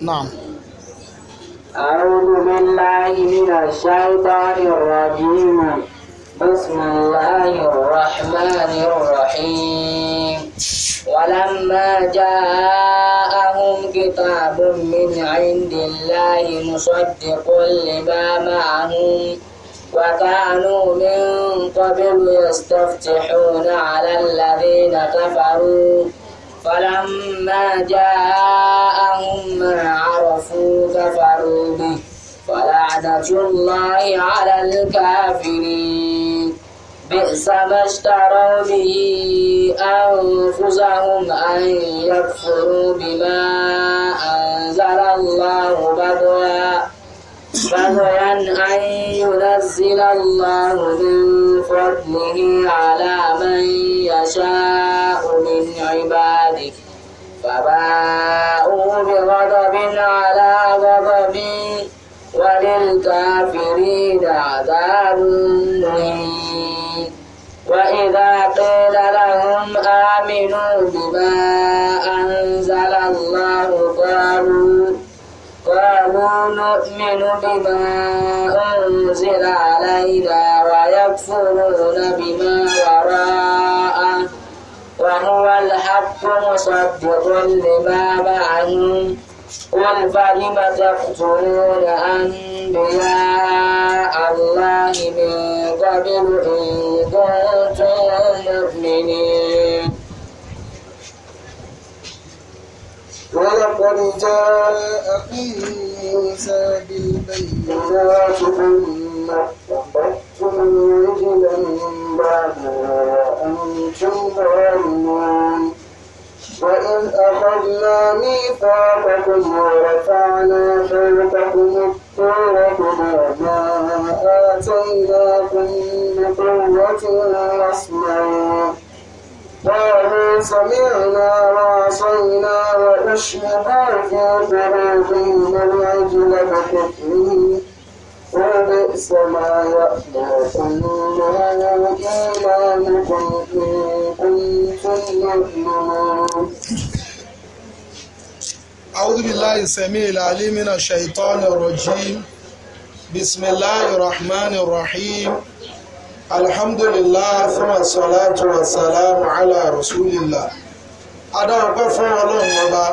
نعم أعوذ بالله من الشيطان الرجيم بسم الله الرحمن الرحيم ولما جاءهم كتاب من عند الله مصدق لما معهم وكانوا من قبل يستفتحون على الذين كفروا فلما جاءهم ما عرفوا كفروا به فلعنة الله على الكافرين بئس ما اشتروا به أنفسهم أن يكفروا بما أنزل الله بغيا مثلا أن ينزل الله من فضله على من يشاء من عباده فباءوا بغضب على غضب وللكافرين عذاب مهين وإذا قيل لهم آمنوا بما أنزل الله قالوا كانوا نؤمن بما أنزل علينا ويكفرون بما وراءه وهو الحق مصدقا لما معهم قل فلم تقتلون أنبياء الله من قبل إن كنتم مؤمنين ولقد جاءكم موسى بالبينات ثم اتخذتم العجل من بعدها أنتم ظالمون وإذ أخذنا ميثاقكم ورفعنا فوقكم الطور خذوا ما آتيناكم بقوة واسمعوا قالوا سمعنا وعصينا وأشربوا في قلوبهم العجل بكفرهم وبئس ما يأمركم به إيمانكم إن كنتم مؤمنين أعوذ بالله السميع العليم من الشيطان الرجيم بسم الله الرحمن الرحيم alhamdulillah fún asalatu wasalamu ala rasulillah adáwọ̀pẹ́ fún ọlọ́run ọba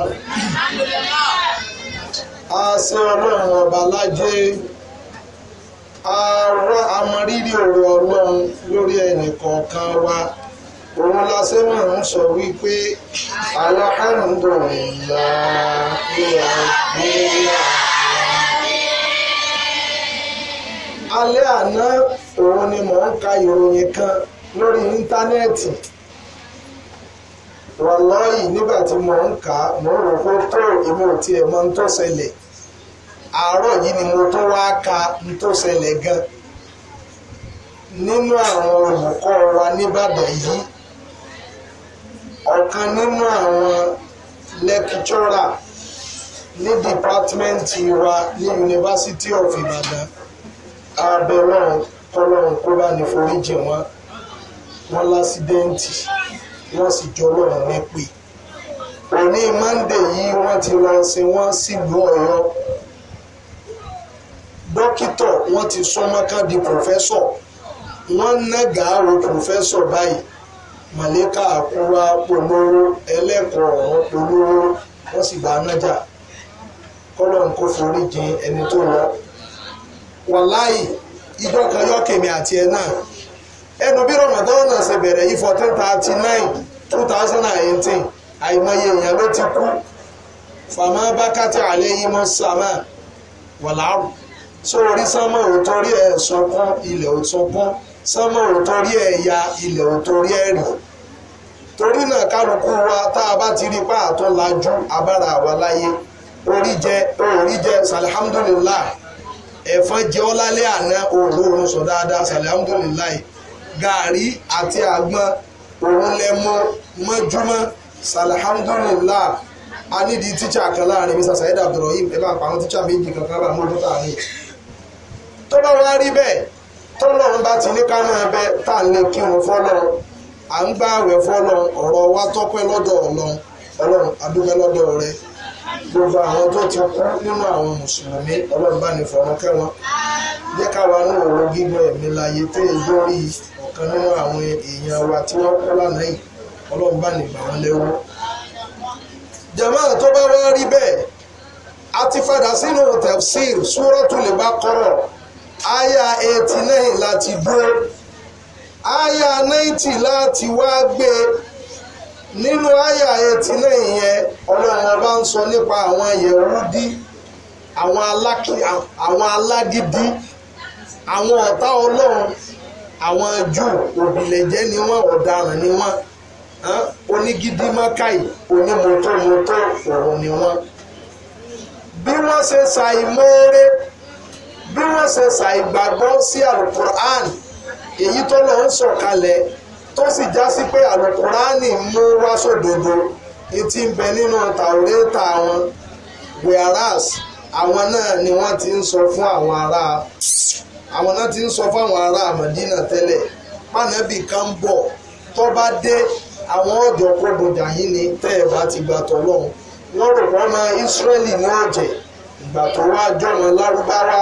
àṣẹ ọlọ́run ọba lájẹ́ ara amọ̀rírì ọ̀rọ̀ ọlọ́run lórí ẹnì kọ̀ọ̀kan wa òun la ṣe máa ń sọ wípé alhamdulillah ìyá ìyá alẹ́ àná máa ń ka ìròyìn kan lórí íńtánẹ́ẹ̀tì wàláyì nígbà tí mò ń kà á mò ń rò ó tó èmi ò tiẹ̀ mọ ń tó ṣẹlẹ̀ àárọ̀ yìí ni mo tó wá ka ń tó ṣẹlẹ̀ gan nínú àwọn olùkọ́ wa nìbàdàn yìí ọ̀kan nínú àwọn lẹ́kítọ́rà ní dìpátímẹ́ǹtì wa ní yunifásitì of Ìbàdàn tọ́lọ́run kó bá ní foríjì wọn wọn lásídẹ́ǹtì wọ́n sì jọlọ́run nípè òní mọ́ndé yìí wọ́n ti lọ sí wọ́n sílùú ọ̀yọ́ dókítọ̀ wọ́n ti sọ́mọ́ká di pòfẹ́sọ̀ wọ́n nẹ́gàárò pòfẹ́sọ̀ báyìí màlẹ́kà àkúrà polówó ẹlẹ́kọ̀ọ́ ọ̀hún polówó wọ́n sì bá nájà kọ́lọ́n kó foríjì ẹni tó lọ wàláyìí ìjọ kan yọ kèmí àti ẹ náà ẹnu bí Ramadan náà ṣe bẹ̀rẹ̀ yìí fourteen thirty nine two thousand and eighteen àìmọye èèyàn ló ti kú fàmà bákàtí àlẹ́ yìí mọ́ sàmà wàláàrù sórí sánmọ̀ òtórí ẹ̀ sọkún ilẹ̀ òtúnkún sánmọ̀ òtórí ẹ̀ ya ilẹ̀ òtórí ẹ̀ rìn torí náà kálukú wa tá a bá ti rí pa àtúnlajú abára àwa láyé orí jẹ orí jẹ sàlhámdùlélà ẹ̀fọn jẹ ọ́ lálẹ́ àná òórùn sọ dáadáa sàlámùdùnláì gàárì àti àgbọn òun lẹ́mọ mọ́júmọ́ sàlámùdùnláì a tíṣà kan láàrin mr saheed abdulrahim ẹ bá pa àwọn tíṣà méjì kankan bá mọ́jú tààrin tó bá wá rí bẹ́ẹ̀ bá ti ní ká tá à ń lè gbogbo àwọn tó ti kú nínú àwọn mùsùlùmí ọlọ́run bá ní fọ̀rọ̀ kẹwọn jẹ́ káwa náà ẹ̀mí láyé tó yẹ lórí ọ̀kan nínú àwọn èèyàn wa tí wọ́n kú lánàá yìí ọlọ́run lẹ́wọ́. jama tó bá wá rí bẹ́ẹ̀ a ti fadà sínú tafsir Suratul Baqara aya eighty nine láti dúró aya ninety láti wá gbé e nínú àyà etí náà yẹn ọlọ́run bá ń sọ nípa àwọn yẹ̀wúdí àwọn alágídí àwọn ọ̀tá ọlọ́run àwọn júù òbílẹ̀jẹ́ ni wọ́n ọ̀daràn ni wọ́n onígídí mọ́kàì onímọ̀tòmọ̀tò òun ni wọ́n. bí wọ́n ṣe ṣàìmọ́ọ́rẹ́ bí wọ́n ṣe ṣàìgbàgbọ́ sí alukur'an èyí tó lọ ń sọ̀kalẹ̀ tó sì já sí pé àlùkùránì mú wá sódodo etí ń bẹ nínú tàwórẹ́tà wọn whereas àwọn náà ni wọ́n ti ń sọ fún àwọn ará àwọn náà ti ń sọ fún àwọn ará Mádínà tẹ́lẹ̀ pànàbì kan bọ̀ tó bá dé àwọn ọ̀dọ́ kọ́gbọ̀dà yìí ni tẹ́ ẹ̀ bá ti gbà tọ́ lọ́hùn wọ́n rò pé ọmọ Ísírẹ́lì ní ọ̀jẹ̀ ìgbà tó wá jọ̀wọ́n lárúbáwá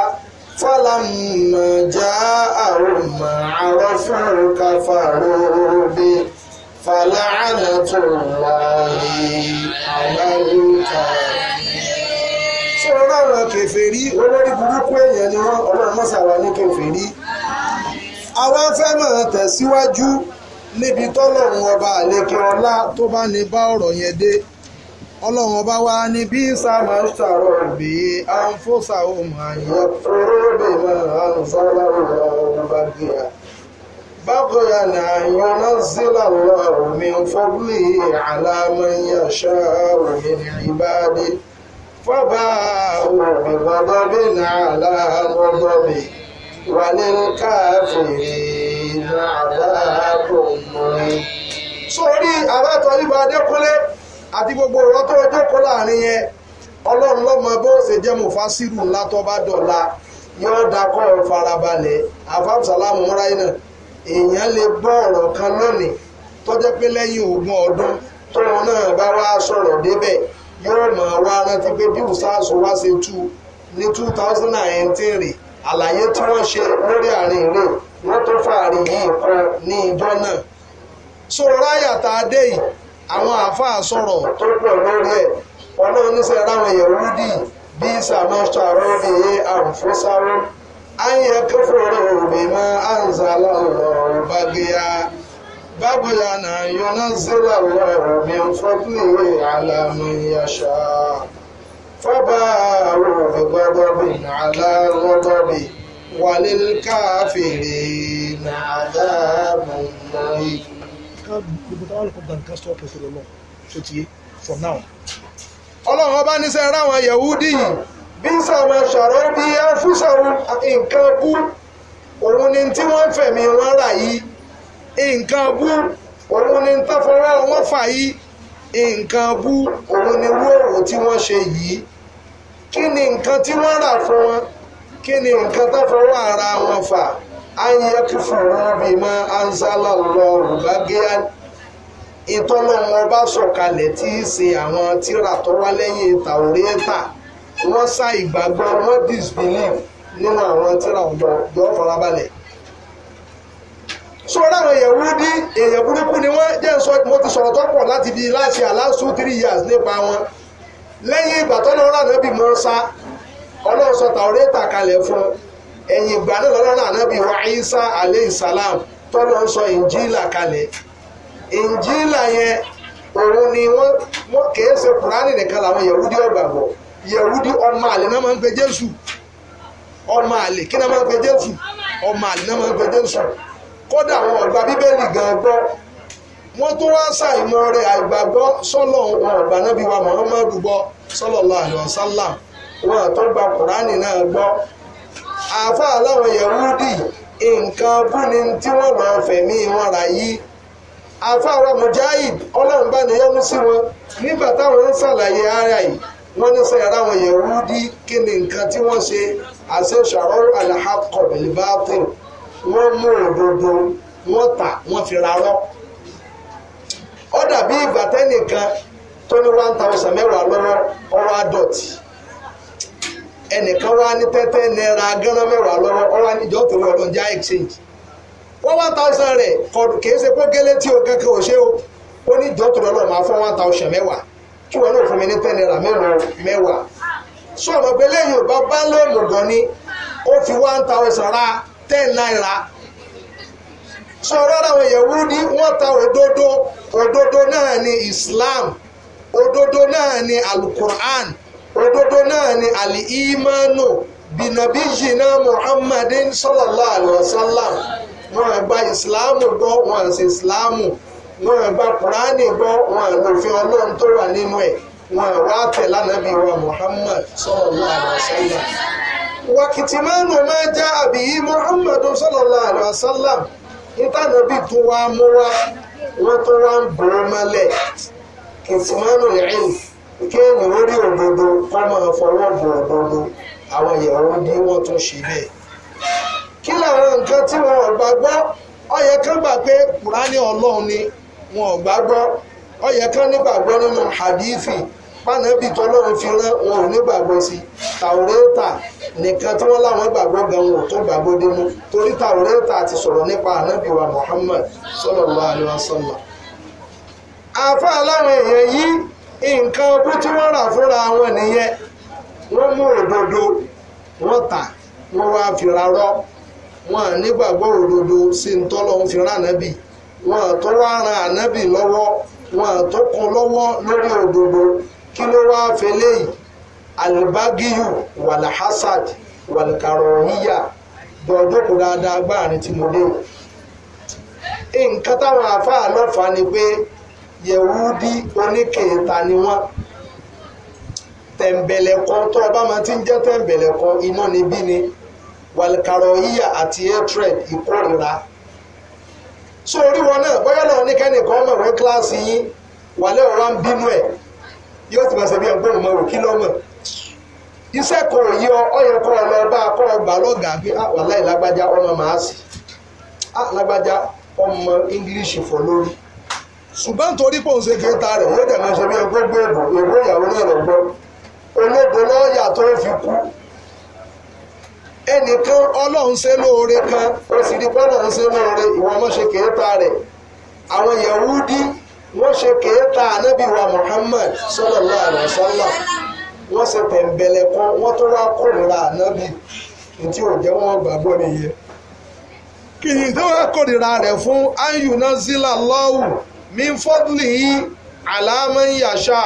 فلما جاءهم ما عرفوا كفروا به فلعنة الله على الكافرين sọ̀rọ̀ àwọn kèfèrí olórí burúkú èèyàn ni wọ́n ọlọ́run mọ́sà wà ní kèfèrí àwa fẹ́ máa tẹ̀síwájú níbi tọ́lọ́run ọba àlekè ọlá tó bá ní bá ọ̀rọ̀ yẹn dé ọlọ́run ọba wa ní bí sáàmà ń sàrọ̀ bí àǹfọ̀sà òmù àyà fúró bèè máa ń sábà wà ọba gíga bákọ̀yà náà yan náà sílà lọ́rùn mi fọ́bùlì àlámọ́yà ṣáàrù mi ní ìbáde fọ́bà òmù bàbá bèè náà láàárọ̀ mi wà ní káfíìrì náà bá a kò mọ́ sórí àbátọ̀ yìí dẹ́kunlé àti gbogbo ọ̀rọ̀ tó ọjọ́ kọ́ láàrin yẹn ọlọ́run lọ́mọ bó ṣe jẹ́ mọ̀ fásírù ńlá tó bá dọ̀la yóò dakọ̀ farabalẹ̀ àfàbùsàlámù mọ́ráyé náà èèyàn lè gbọ́ ọ̀rọ̀ kan lónìí tó jẹ́ pé lẹ́yìn ogún ọdún tóun náà bá wá sọ̀rọ̀ débẹ̀ yóò mọ̀ wá rántí pé bí òṣàṣọ wá ṣe tú ní two thousand and eighteen rè àlàyé tí wọ́n ṣe lórí àárín rè wọ́n tó fààrin yìí kọ ní ìjọ náà. sọ̀rọ̀ ráyà tá a dé yìí àwọn àáfàá sọ̀rọ̀ tó pọ̀ lórí ẹ̀ ọlọ́run níṣẹ́ ráwọn Yẹhudi bí sàmọ́ṣọ àwọn obìnrin àrùnfọ́sáwọ́ ayé kẹfọ́rọ̀ òbí máa àǹzàlá ọ̀rọ̀ bá gbé ya bábùyà náà yọ̀nà sílẹ̀ lọ́rọ̀ mi fọ́pìlì àlàmì yàṣà fọ́bà òbí gbọ́dọ̀ bì nàlá gbọ́dọ̀ bì wàlíkàfèrè nàdàmù náà gbogbo táwọn olùkọ́ gba nǹkan stop òfin lọ́wọ́ tó ti yé for now. ọlọ́run ọba ní sẹ́yìn ráwọn yahudi yìí bí sàwọn ṣàrọ́ bí afúnṣàrò nǹkan bú òun ni tí wọ́n fẹ̀mí wọn rà yìí nǹkan bú òun ni tọ́fọ́rọ́ wọn fà yìí nǹkan bú òun ni irú òwò tí wọ́n ṣe yìí kí ni nǹkan tí wọ́n rà fún wọn kí ni nǹkan tọ́fọ́rọ́ ara wọn fà ayẹ́kùfùrù bímọ anzala lọ́rùn bá gíyá ìtọ́lọ́wọ́n ọba sọ̀kalẹ̀ tí í ṣe àwọn tíra tó wá lẹ́yìn tàwórétà wọ́n sá ìgbàgbọ́ wọ́n disbelieve nínú àwọn tíra ọ̀dọ́ yọ farabalẹ̀. sọ́ra àwọn Yẹhudi èèyàn burúkú ni wọ́n jẹ́ sọ mo ti sọ̀rọ̀ tọ́pọ̀ láti fi láti aláṣù three years nípa wọn lẹ́yìn ìgbà tọ́lọ́wọ́n rà nábì Mùsá ọlọ́run sọ tàwórétà kalẹ̀ fún un ẹ̀yìn ìgbà náà lọ́dọ̀ náà nábì wa Isa alayhi salam ń sọ ìnjílà kalẹ̀ ìnjílà yẹn òun ni wọ́n kèé ṣe kùránì nìkan làwọn ọmọ àlè náà máa ń pe Jésù ọmọ àlè kí náà máa ń pe Jésù ọmọ àlè náà máa ń pe Jésù kódà àwọn ọ̀gbà bíbélì gan gbọ́ wọ́n wá rẹ̀ àgbàgbọ́ sọ́lọ̀ wọn náà bí wa Muhammadu gbọ́ wọn àtọ́gbà kùránì náà gbọ́ àfa aláwọn yẹ̀wúdì nǹkan búni wọn rà yí àfa àwọn mujahid afọ bá ní yọ́nú wọn nígbà táwọn ń ara yìí wọ́n ní sọ yàrá àwọn yẹ̀wúdì kí ni nǹkan tí wọ́n ṣe àṣẹ ṣàrọ́ wọn mú òdodo fi ra dàbí ìgbà tó ẹnìkan wá ní tẹ́tẹ́ náírà gánà mẹ́wàá lọ́wọ́ ọ̀rọ̀ àníjọ́ torí ọ̀rọ̀ já exchange wọ́n one thousand rẹ̀ kọ̀dù kìí ṣe pé gẹ́lẹ́ tí o kankan ò ṣe o ó ní ìjọ́ torí ọlọ́ọ̀ máa fọ́ one thousand mẹ́wàá kí wọ́n náà fún mi ní ten naira mẹ́wàá sọ̀rọ̀ pé lẹ́yìn ọba bá lóònù gan ni ó fi one thousand ra ten naira sọ̀rọ̀ àwọn ìyẹ̀wò ní wọ́n ta òdodo òdodo náà ni Islam òdodo náà ni alukur'an òdodo náà ni àlì ìmánu bìnàbí jìnnà muhammadin sallallahu alayhi wa sallam wọn gba ìsìláàmù gbọ́ wọn àṣẹ ìsìláàmù wọn gba kùránì gbọ́ wọn àlòfin ọlọ́run tó wà nínú ẹ̀ wọn wá tẹ̀ lánàbí wa muhammad sallallahu alayhi wa sallam wàkìtìmánu máa já àbíyí muhammadu sallallahu alayhi wa sallam nítànàbí tó wá mú wá wọn tó wá ń bọ̀ ọ́ mọ́lẹ̀ kìtìmánu rẹ̀ ẹ̀yìn kéèyàn lórí òdodo kó máa fọwọ́ bọ̀ òdodo àwọn ìyàwó ní wọ́n tún ṣe bẹ́ẹ̀. kí làwọn nǹkan tí wọn ò gbàgbọ́ ó yẹ kán gbà pé kùránì ọlọ́run ni wọn ò gbàgbọ́ ó yẹ kán nígbàgbọ́ nínú hadithi pànàbí tọ́lọ́run fi rán wọn ò nígbàgbọ́ sí tàwórẹ́ta nìkan tí wọ́n láwọn gbàgbọ́ gan wọn ò tó gbàgbọ́ dénú torí tàwórẹ́ta ti sọ̀rọ̀ nípa ànábì wa Muhammad sallallahu alaihi àfa aláwọn èèyàn yìí nǹkan ọbú tí wọ́n rà fúnra wọn nìyẹn wọ́n mú òdodo wọ́n tà wọ́n wá fìrà rọ́ wọn nígbàgbọ́ òdodo sí ń tọ́lọ́ ń ànábì wọn tó wá ran ànábì lọ́wọ́ wọn tó kún lọ́wọ́ lórí òdodo kí ló wá alibagiyu dáadáa gbáàrin nǹkan táwọn ni pé yẹ̀wúdí oníkèéta ni wọ́n tẹ̀m̀bẹ̀lẹ̀kọ tó ọba máa ti ń jẹ tẹ̀m̀bẹ̀lẹ̀kọ iná níbí ni wàlìkàrọ̀ yíyà àti hatred ìkórìíra so orí wọn náà bóyá náà oníkẹ́nìkan ọmọ ìwé kíláàsì yín wàlẹ́ ọ̀rá ń bínú ẹ̀ yóò ti máa ọ kọ́ ọ lọ bá a kọ́ ọ gbà ah, bí ah, English fọ lórí ṣùgbọ́n nítorí pò ń ṣe kéta rẹ̀ yóò dẹ̀ máa ṣe bí ẹgbẹ́ gbé ìbò ìwé ìyàwó náà lọ gbọ́ olóògbé lọ́ọ̀yà tó fi kú ẹnìkan ọlọ́run ṣe lóore kan ó sì rí pọ́nà ń ṣe lóore ìwọ ọmọ ṣe kéta rẹ̀ àwọn yahudi wọ́n ṣe kéta ànábì wa Muhammad sallallahu alaihi wasallam wọ́n ṣe tẹ̀m̀bẹ̀lẹ̀ kan wọ́n tó wá kórìíra ànábì tí ò jẹ́ wọ́n gbàgbọ́ nìyẹn kìyìn tó wá kórìíra rẹ̀ fún ayùnà zila lọ́wù min fadlihi ala man yasha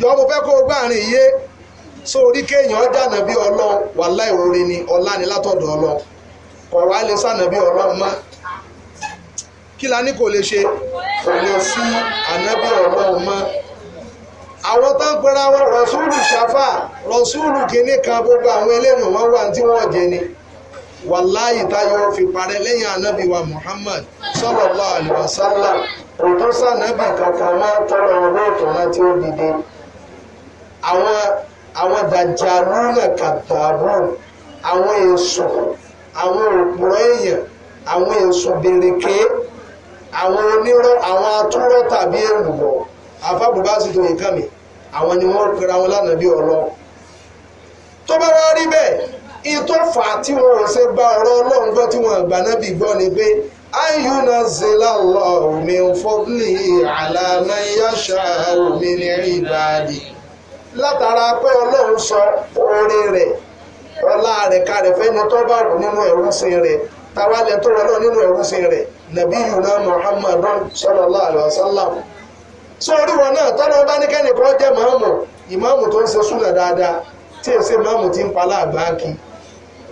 jọ fẹ́ kó o gbà rìn yé sórí kéèyàn dànà bí ni ọlá ni látọ̀dọ̀ ọlọ́run kọ̀ọ̀rọ̀ lè sànà bí ọlọ́run mọ́ kí la ní kò lè ṣe kò lè sí ànábì mọ́ àwọn gbogbo àwọn eléyìí wọn wà tí ni. wàláyì táyọ̀ fi parẹ́ lẹ́yìn anábì wa Muhammad sallallahu alaihi wasallam kò tó sànábì kankan mọ́ tọrọ ọ̀rọ̀ ìtọ́nà tí ó dìde àwọn àwọn dàjàlúnà kàtàbù àwọn èso àwọn òpùrọ̀ èèyàn àwọn èso bèrèké àwọn onírọ́ àwọn atúrọ́ tàbí èlùbọ̀ àfàbùbá sì tó nǹkan mi àwọn ni wọ́n pera wọn lánàá bí ọlọ́ tó bá wá rí bẹ́ẹ̀ ìtọ́fà tí wọ́n ṣe bá ọ̀rọ̀ ọlọ́run gbọ́ tí wọ́n gbà gbọ́ ni pé ayúna zila lọ́ọ̀mí fọ́bílì àlàmà yáṣà omi ní ìbàdí látara pé ọlọ́run sọ oore rẹ̀ ọlá rẹ̀ kalẹ̀ fẹ́ni tó bá rò nínú ẹ̀rúsìn rẹ̀ tó náà nínú ẹ̀rúsìn rẹ̀ nàbí yuna muhammad sallallahu sọ náà bá ní kẹ́nìkan jẹ́ màmù ìmáàmù tó ń ṣe ti ń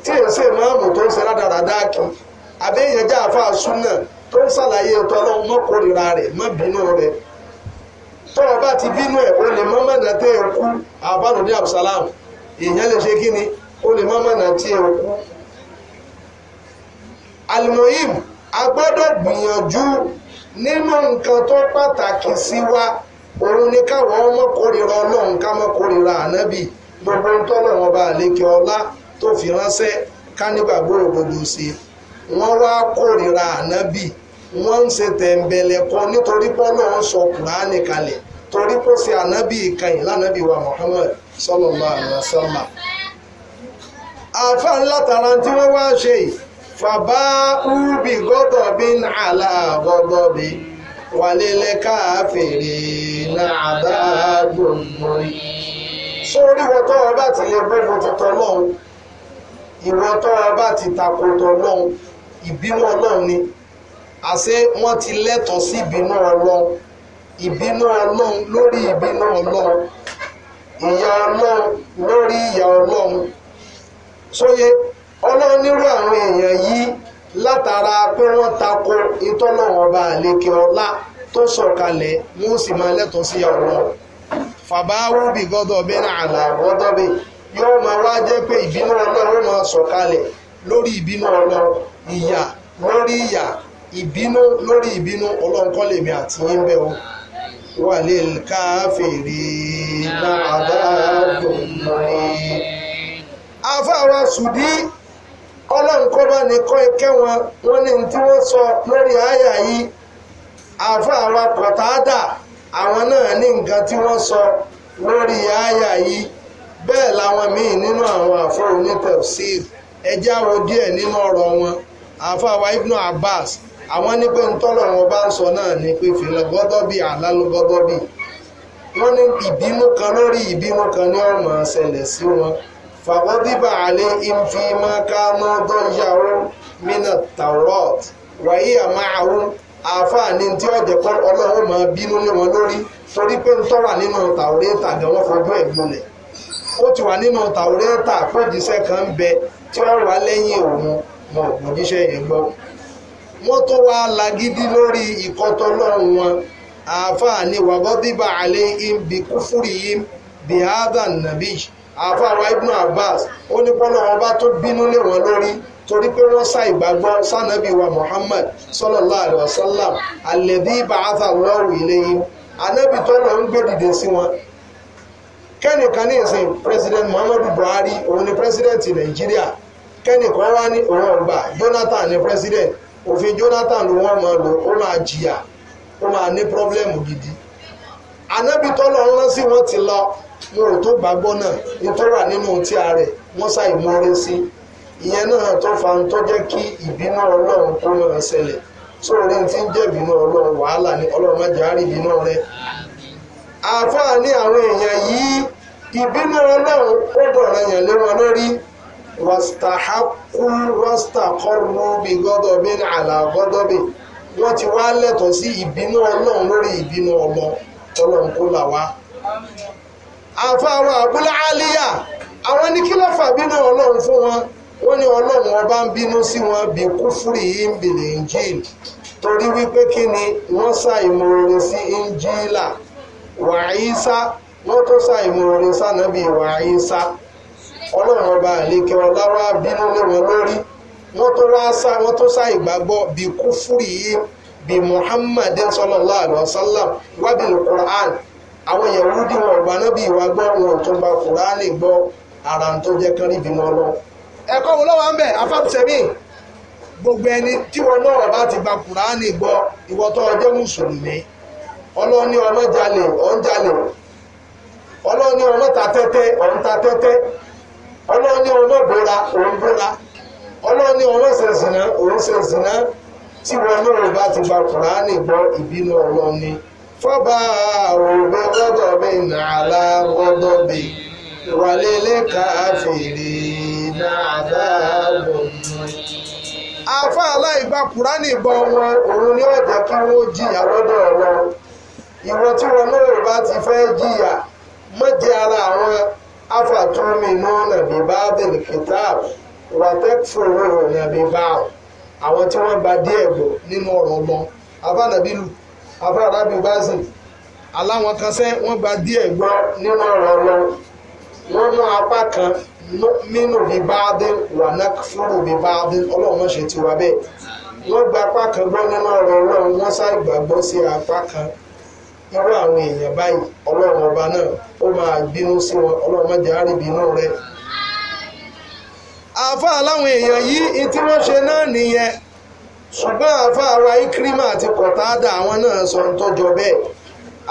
tí èsì máàmù tó ń ṣe rádaràdá àbí àbẹ́yẹn jẹ́ àfa tó ń ṣàlàyé ọ̀tọ̀ ọlọ́run mọ́ rẹ̀ mọ́ bínú rẹ̀ bá ti bínú ẹ̀ o lè mọ́mọ́ náà tẹ́ ẹ kú abusalam ìyẹn lè ṣe kí ni o lè mọ́mọ́ tí ẹ kú. alimoyim gbìyànjú nínú nǹkan tó pàtàkì sí wa òun ni káwọn ọlọ́run ká ànábì gbogbo tó fi ránṣẹ́ kánígbàgbọ́ òdodo ṣe wọ́n wá kórìíra ànábì wọ́n ń ṣe tẹ̀m̀bẹ̀lẹ̀ kan nítorí sọ kùránì kalẹ̀ torí kó ṣe ànábì ìkànnì lánàbì wa Muhammad sallallahu alaihi wasallam àfáà nlatara tí wọ́n wá ṣe fàbá ubi gọ́dọ̀ bí n àlà gọ́dọ̀ bí wàlélẹ̀ káfèrè náà àbá gbòǹgbòrì sórí wọn bá ti lè fún tuntun ìwọ tó bá ti takòtò ọlọ́run ìbínú ọlọ́run ni àṣé wọ́n ti lẹ́tọ̀ọ́ sí ìbínú ọlọ́run ìbínú ọlọ́run lórí ìbínú ọlọ́run ìyà ọlọ́run lórí ọlọ́run sóye ọlọ́run nírú àwọn èèyàn yìí látara pé wọ́n tako ìtọ́lọ́run ọba ọlá tó sọ̀kalẹ̀ sì máa lẹ́tọ̀ọ́ sí ọlọ́run bí gọ́dọ̀ bẹ́ẹ̀ náà yóò máa wá jẹ́ pé ìbínú ọlọ́run máa sọ̀kalẹ̀ lórí ìbínú ọlọ́run ìyà lórí ìyà ìbínú lórí ìbínú ọlọ́run kọ́ lèmi àti yín bẹ́ẹ̀ o wà lè káfèrè dáadáadùn ní. afáwa sùdí ọlọ́run kọ́ bá ní kọ́ ikẹ́ wọn ní tí wọ́n sọ lórí àyà yìí afáwa kọ̀tádà àwọn náà ní nǹkan tí wọ́n sọ lórí àyà yìí. bẹ́ẹ̀ làwọn míì nínú àwọn àfọ́ onítẹ̀síìr ẹjẹ́ àrò díẹ̀ nínú ọ̀rọ̀ wọn àfọ́ àwa ibnu abbas àwọn ní pé ntọ́lọ̀ wọn bá ń sọ náà ni pé fìlẹ̀ gọ́dọ̀ bíi àlálù gọ́dọ̀ bíi wọ́n ní ìbínú kan lórí ìbínú kan ní ọ̀mọ̀ ṣẹlẹ̀ sí wọn fàgọ́dìbà àlẹ́ ìfìmọ̀ kánú dọ́yàwó mínà tàwọ́t wàyí àmàhùn àáfàá ni tí ọ̀jẹ̀ kọ́ wọn lórí torí ó ti wà nínú tàwùrẹ́tà pòjíṣẹ́ kan ń bẹ tí wọ́n wà lẹ́yìn òun mọ̀ kò yẹn gbọ́ wọ́n tó wá lagídí lórí ìkọ́tọ́ ìkọ́tọ́lọ́run wọn àáfàá ni wàgọ́dìbà àlẹ́ bí kúfúrì yìí bihada nàbí àáfàá wa ibnu abbas ó ní pọ́nlọ́ wọn bá tó bínú lé wọn lórí torí pé wọ́n sá ìgbàgbọ́ sànàbí wa muhammad sallallahu alaihi wasallam alladhi ba'atha Allahu ilayhim kẹ́nìkan ní ìsìn president muhammadu buhari òun ni president Nigeria. nàìjíríà kẹ́nìkan wá ní òun ọgbà jonathan ni president òfin jonathan ló wọ́n máa lò ó máa jìyà ó máa ní pọ́blẹ́mù gidi anábì tọ́lọ̀ ńlá sí wọ́n ti lọ wọn ò tó gbàgbọ́ náà nítorà nínú tí a rẹ̀ wọ́n ṣàì mọ́rẹ́ sí ìyẹn náà tó fa ń tó jẹ́ kí ìbínú ọlọ́run kó máa ṣẹlẹ̀ sóòrè tí ń jẹ́ ọlọ́run wàhálà ni ọlọ́run má jẹ́ àrí ìbínú rẹ̀ àáfàá ní àwọn èèyàn yìí ìbínú ọlọ́run ó dọ̀rọ̀ yàn lé wọn lórí wàstàhákú wàstàkọ́rù bí gọ́dọ̀bí àlà gọ́dọ̀bí wọ́n ti wá lẹ́tọ̀ọ́ sí ìbínú ọlọ́run lórí ìbínú ọmọ ọlọ́run kó là wá. àáfàá wa àbúlá àlíyà àwọn ní kí ló fà bínú ọlọ́run fún wọn wọ́n ní ọlọ́run ọba ń bínú sí wọn bí kúfúrì yìí ń bèlè ń jíìlì torí wípé kí ni wọ́n ṣàìmọ̀ọ́rẹ́ sí ń jíìlà. wà Ìsá wọ́n tó ṣàìmọ̀ràn sànàbí wà ọlọ́run ọba àlékè ọláwá bínú lé wọn lórí wọ́n tó Muhammad sallallahu Qur'an àwọn wọn ọgbà náà bí ìwà gbọ́ wọn tó gba Qur'an gbọ́ ara tó jẹ́ kán rí bínú ẹ̀kọ́ wo lọ́wọ́ ń bẹ̀ gbogbo ẹni tí wọn náà gba Qur'an gbọ́ ìwọ ọjọ́ mùsùlùmí ọlọ́ọ̀ni ọ̀rọ̀ jalè ọ̀njalè ọlọ́ọ̀ni ọ̀rọ̀ ta tẹ́tẹ́ ọ̀nta tẹ́tẹ́ ọlọ́ọ̀ni ọ̀rọ̀ bóra tí wọn lóore bá ti gba kùránì gbọ́ ìbínú ọlọ́ọ̀ni fọ́ba òbẹ gbọ́dọ̀ mi nàlá gbọ́dọ̀ mi bọ wọn òun ni jìyà ìwọ tí wọn náà bá ti fẹ́ jìyà má jẹ́ ara àwọn afàtúnmí náà nàbí bá dẹ̀lì kìtàb wàtẹ́kùfòrò nàbí bá àwọn tí wọ́n gba díẹ̀ gbọ́ nínú ọ̀rọ̀ ọmọ afáànàbílù afáàrábí bázìn aláwọn kan sẹ́ wọ́n gba díẹ̀ gbọ́ nínú ọ̀rọ̀ ọmọ wọ́n mú apá kan mínú bí bá dín wàtẹ́kùfòrò bí bá dín ọlọ́run mọ̀ ṣe tiwa bẹ́ẹ̀ wọ́n gba apá kan gbọ́ nínú ọ̀rọ̀ ọlọ́run wọ́n sá ìgbàgbọ́ sí apá kan irú àwọn èèyàn báyìí ọlọ́run ọba náà ó máa bínú sí wọn ọlọ́run má jẹ́ àríbínú rẹ̀ àáfà láwọn èèyàn yìí tí wọ́n ṣe náà nìyẹn ṣùgbọ́n àáfà ara ikrima àti kọ̀tádà àwọn náà sọ ń tọ́jọ bẹ́ẹ̀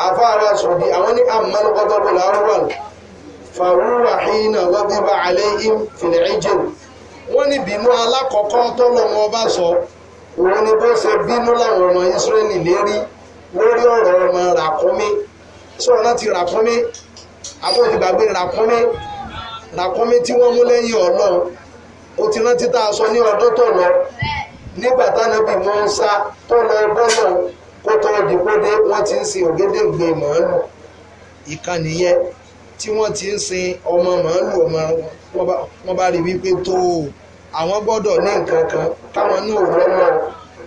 àáfà ara sọ̀dí àwọn ní àmàlùkọ́tọ́bù làárọ̀ fàrúwà hìnà lọ́díbà alẹ́ im fìlẹ̀ ẹ̀jẹ̀ wọ́n ní bínú alákọ̀ọ́kọ́ tọ́lọ́mọ ọba sọ òun ni bó ṣe bínú láwọn ọmọ Ísírẹ́lì lérí lórí ọ̀rọ̀ ọmọ ràkúnmí sọ̀rọ̀ láti ràkúnmí abọ́dìgbàgbé ràkúnmí ràkúnmí tí wọ́n mú lẹ́yìn ọlọ́run ó ti rántí tá a sọ ní ọdún tó lọ nígbà tánábì Mùsá tó lọ bọ́lọ̀ kó tó dìbòdé wọ́n ti ń sin ògédèǹgbè màálù ìkànnì yẹn tí wọ́n ti ń sin ọmọ màálù ọmọ wọn bá rí wípé tó o àwọn gbọ́dọ̀ ní nǹkan kan táwọn náà lọ́nà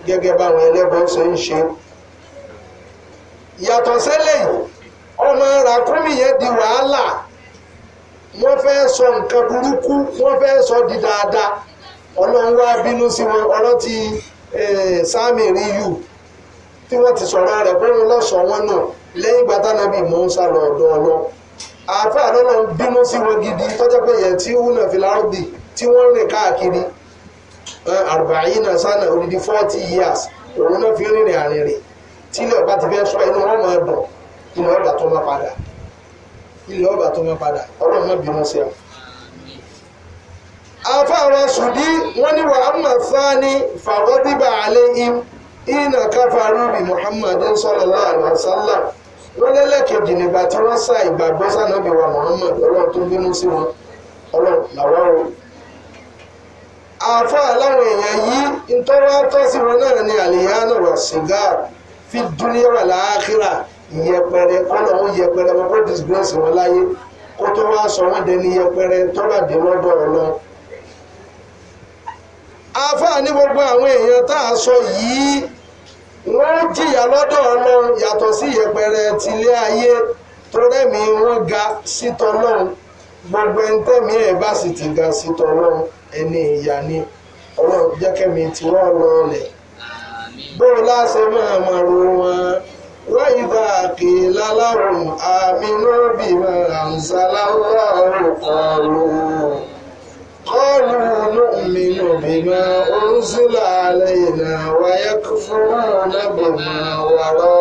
gẹ́gẹ́ báwọn ẹlẹ́bọn ṣe ń ṣe yàtọ̀ sẹ́lẹ̀ yìí ọmọ ràkúnmí yẹn di wàhálà wọ́n fẹ́ sọ nǹkan burúkú wọ́n fẹ́ sọ di dáadáa ọlọ́run wá bínú sí wọn ọlọ́tí sáàmì rí tí wọ́n ti sọ̀rọ̀ rẹ̀ fún lọ́sọ̀ wọn náà lẹ́yìn ìgbà tánàbí mò ń sàrọ̀ ọ̀dọ̀ ọlọ́ àáfẹ́ àlọ́nà bínú sí wọn gidi tọ́jọ́ pé yẹn tí wúnà fi tí wọ́n rìn káàkiri àrùbáyé náà sánà odidi forty years òun náà fi rìnrìn àrìn tí ilẹ̀ ọba ti fẹ́ sọ inú wọn máa dùn ilẹ̀ ọba tó padà ilẹ̀ ọba tó si. padà ọlọ́run má bínú sí ọ. sani iná muhammad wọ́n nígbà tí wọ́n sá ìgbàgbọ́ wa muhammad ọlọ́run tó bínú sí wọn ọlọ́run làwọn ò àfa àláwọn èèyàn yìí ntọ́wọ́ tọ́sí wọn náà ní àlìyá náà wà fi dúníyọ̀rọ̀ láàkírà yẹpẹrẹ kọ́lọ̀ wọn yẹpẹrẹ wọn kó disgrace wọn láyé kó tó wá sọ wọn dẹni yẹpẹrẹ tó bá dé lọ́dọ̀ ọ̀lọ́. àfáà ní gbogbo àwọn èèyàn tá a sọ yìí wọ́n jìyà lọ́dọ̀ ọ̀lọ́ yàtọ̀ sí yẹpẹrẹ tilé ayé torẹ́mi wọn ga sítọ̀ náà gbogbo ẹni tẹ́mi ẹ̀ bá sì ti ga sítọ̀ náà ẹni ìyá ni ọlọ́run jẹ́kẹ́mi tí wọ́n lọ ọ̀lẹ̀. bóun láṣẹ máa máa ro wọn wọ́n ìdá àkèlà àmì náà bì máa ń ṣaláwọ́ ọ̀rọ̀ kọ́ọ̀lù nùmínú bímọ oúnṣìlá àlẹ́yìnà wáyé fún nàbọ̀mọ wàrọ̀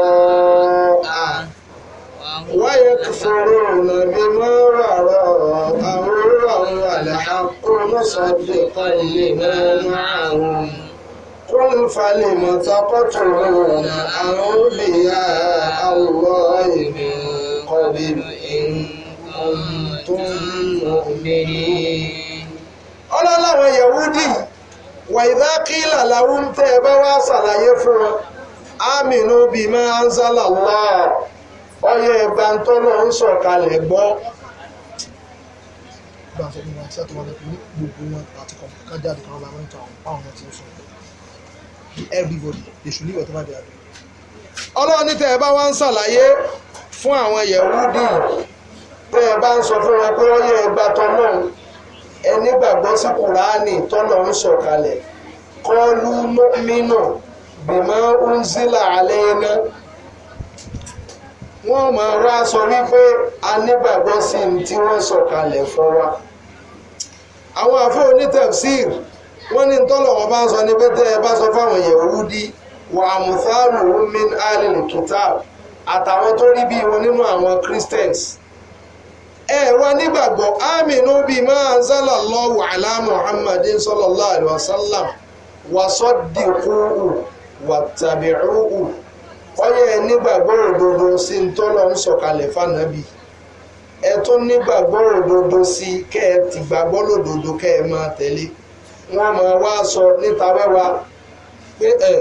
wáyé àwọn náà máa ń. قل فلم تقتلون أنبياء الله من قبل إن كنتم مؤمنين ọlọ́láwọn yahudi wàyíbá kílà làwọn tẹ́ ẹ bá wá ṣàlàyé fún wọn aminu bima anzala Allah ọyẹ ìbántọ́nà ń sọ̀kalẹ̀ gbọ́. gbàǹsọ̀ ni wọn ṣètò wọn lẹ́kùn ní gbogbo wọn àti kọ̀ọ̀kan jáde kan láwọn ìtàn àwọn ọmọ tí ń sọ̀rọ̀ everybody they should leave whatever they are doing. ọlọ́run ní tẹ́ ẹ bá wá ń ṣàlàyé fún àwọn yẹ̀wúdì tẹ́ ẹ bá ń sọ fún wọn pé wọ́n yẹ ẹgbà tọ́lọ́ ẹni gbàgbọ́ sí kùránì tọ́lọ́ ń sọ̀kalẹ̀ kọ́lù mínà bìmọ̀ ń zílà alẹ́ iná wọ́n máa rá sọ wípé a nígbàgbọ́ sí ní tí wọ́n sọ̀kalẹ̀ fún wa àwọn àfọ onítẹ̀fsíìrì wọ́n ní tọ́lọ̀ wọn bá ń sọ ní pé tẹ́ ẹ bá sọ fáwọn Yẹhudi wà mùsàlù min alil kitab àtàwọn tó rí bí wọn nínú àwọn Christians ẹ nígbàgbọ́ ala Muhammadin sallallahu alaihi wasallam wasaddiquhu wattabi'uhu ọyẹ nígbàgbọ́ òdodo sí ń tọ́lọ̀ ń sọ̀kalẹ̀ fànàbí ẹ tún nígbàgbọ́ òdodo sí wọ́n máa wá sọ níta wẹ́wà pé ẹ̀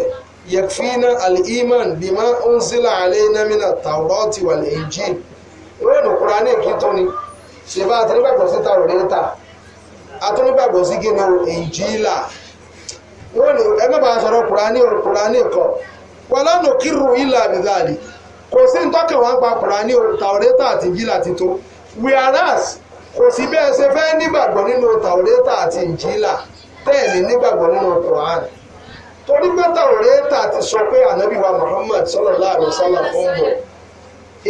yẹ̀fínà al-iman bímọ unzila alayna mina tawrati wal injil ìwé ìnùkúra ní èkì tó ni ṣe bá àtúnígbàgbọ́ sí tàwọn níta àtúnígbàgbọ́ sí kí ni injila wọ́n ní ẹ má bàa sọ̀rọ̀ kùránì kùránì kọ́ wọ́n lánàá kírù ilà àbíláàdì kò sí ntọ́kẹ̀ wọn pa kùránì tàwọ̀rẹ́tà àti ìjìlá ti tó whereas kò sí bẹ́ẹ̀ ṣe fẹ́ nígbàgbọ́ nínú tàwọ̀rẹ́tà àti ìjìlá tẹ́ẹ̀lì nígbàgbọ́ nínú Quran torí pé tàwọ̀rẹ́ta ti sọ pé ànábì wa Muhammad sallallahu alaihi wasallam ó ń bọ̀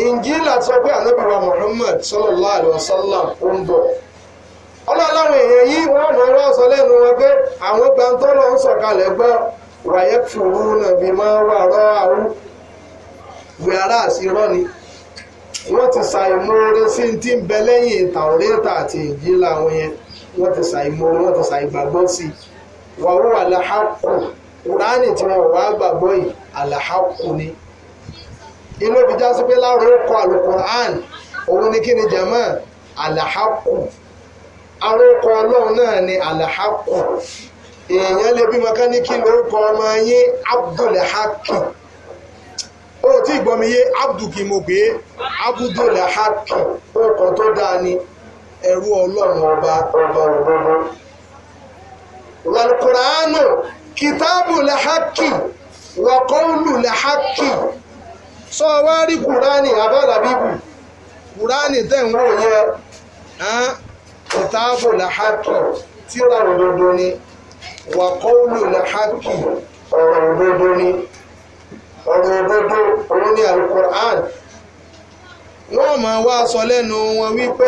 Injila ti sọ pé ànábì wa Muhammad sallallahu alaihi wasallam ó ń bọ̀ ọlọ́láwọn èèyàn yìí wọ́n mọ̀ wọ́n sọ lẹ́nu wọn pé àwọn gbàǹtọ́lọ́ ń sọ̀kalẹ̀ gbọ́ wàyẹ́ fùrú nàbí máa wà rọ́ àrú wíárà sí rọ́ni wọ́n ti ṣàìmọ́ oore sí ti ń bẹ lẹ́yìn tàwọ̀rẹ́ta àti Injila àwọn yẹn wọ́n ti ṣàìmọ̀ wọ́n ti ṣàìgbàgbọ́ sí i wàhùn àlàhàkù kùránì tí wọn wàá gbàgbọ́ yìí àlàhàkù ni inú ibi já sí pé láàrú kọ àlùkùrán òun ni kí ni jàmọ́ àlàhàkù arókọ ọlọ́run náà ni àlàhàkù èèyàn lè bí mẹkáníkì lórúkọ ọmọ yín abdulhaki ó tí ìgbọ́mi yé abdul abdulhaki ó tó dáa ni. ẹrú ọlọ́run ọba ọba kìtàbù làhákì wàkọ́ọ̀lù làhákì sọ wá rí kùránì abálàbíbù kùránì tẹ̀ ń wò yẹ kìtàbù làhákì tíra òdodo ni wàkọ́ọ̀lù làhákì ọ̀rọ̀ òdodo ni ọ̀rọ̀ òdodo òun ni àlùkùránì wọ́n máa wá sọ lẹ́nu wọn wípé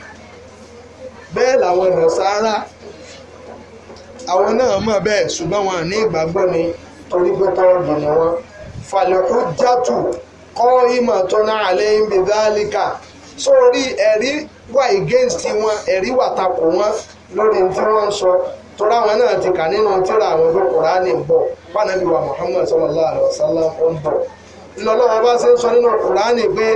bẹ́ẹ̀ làwọn nàṣàrà àwọn náà mọ̀ bẹ́ẹ̀ ṣùgbọ́n wọn ní ìgbàgbọ́ ni torí pé tọrọ dùnú wọn. fàlùkù játù kọ́ ìmọ̀ tó náà lé ibi ẹ̀rí wà against wọn ẹ̀rí wà takò wọn lórí tí wọ́n ń sọ torí àwọn náà ti kà nínú tíra àwọn kùránì ń Muhammad sallallahu alayhi wa sallam ń bọ̀ bá ṣe ń sọ nínú kùránì pé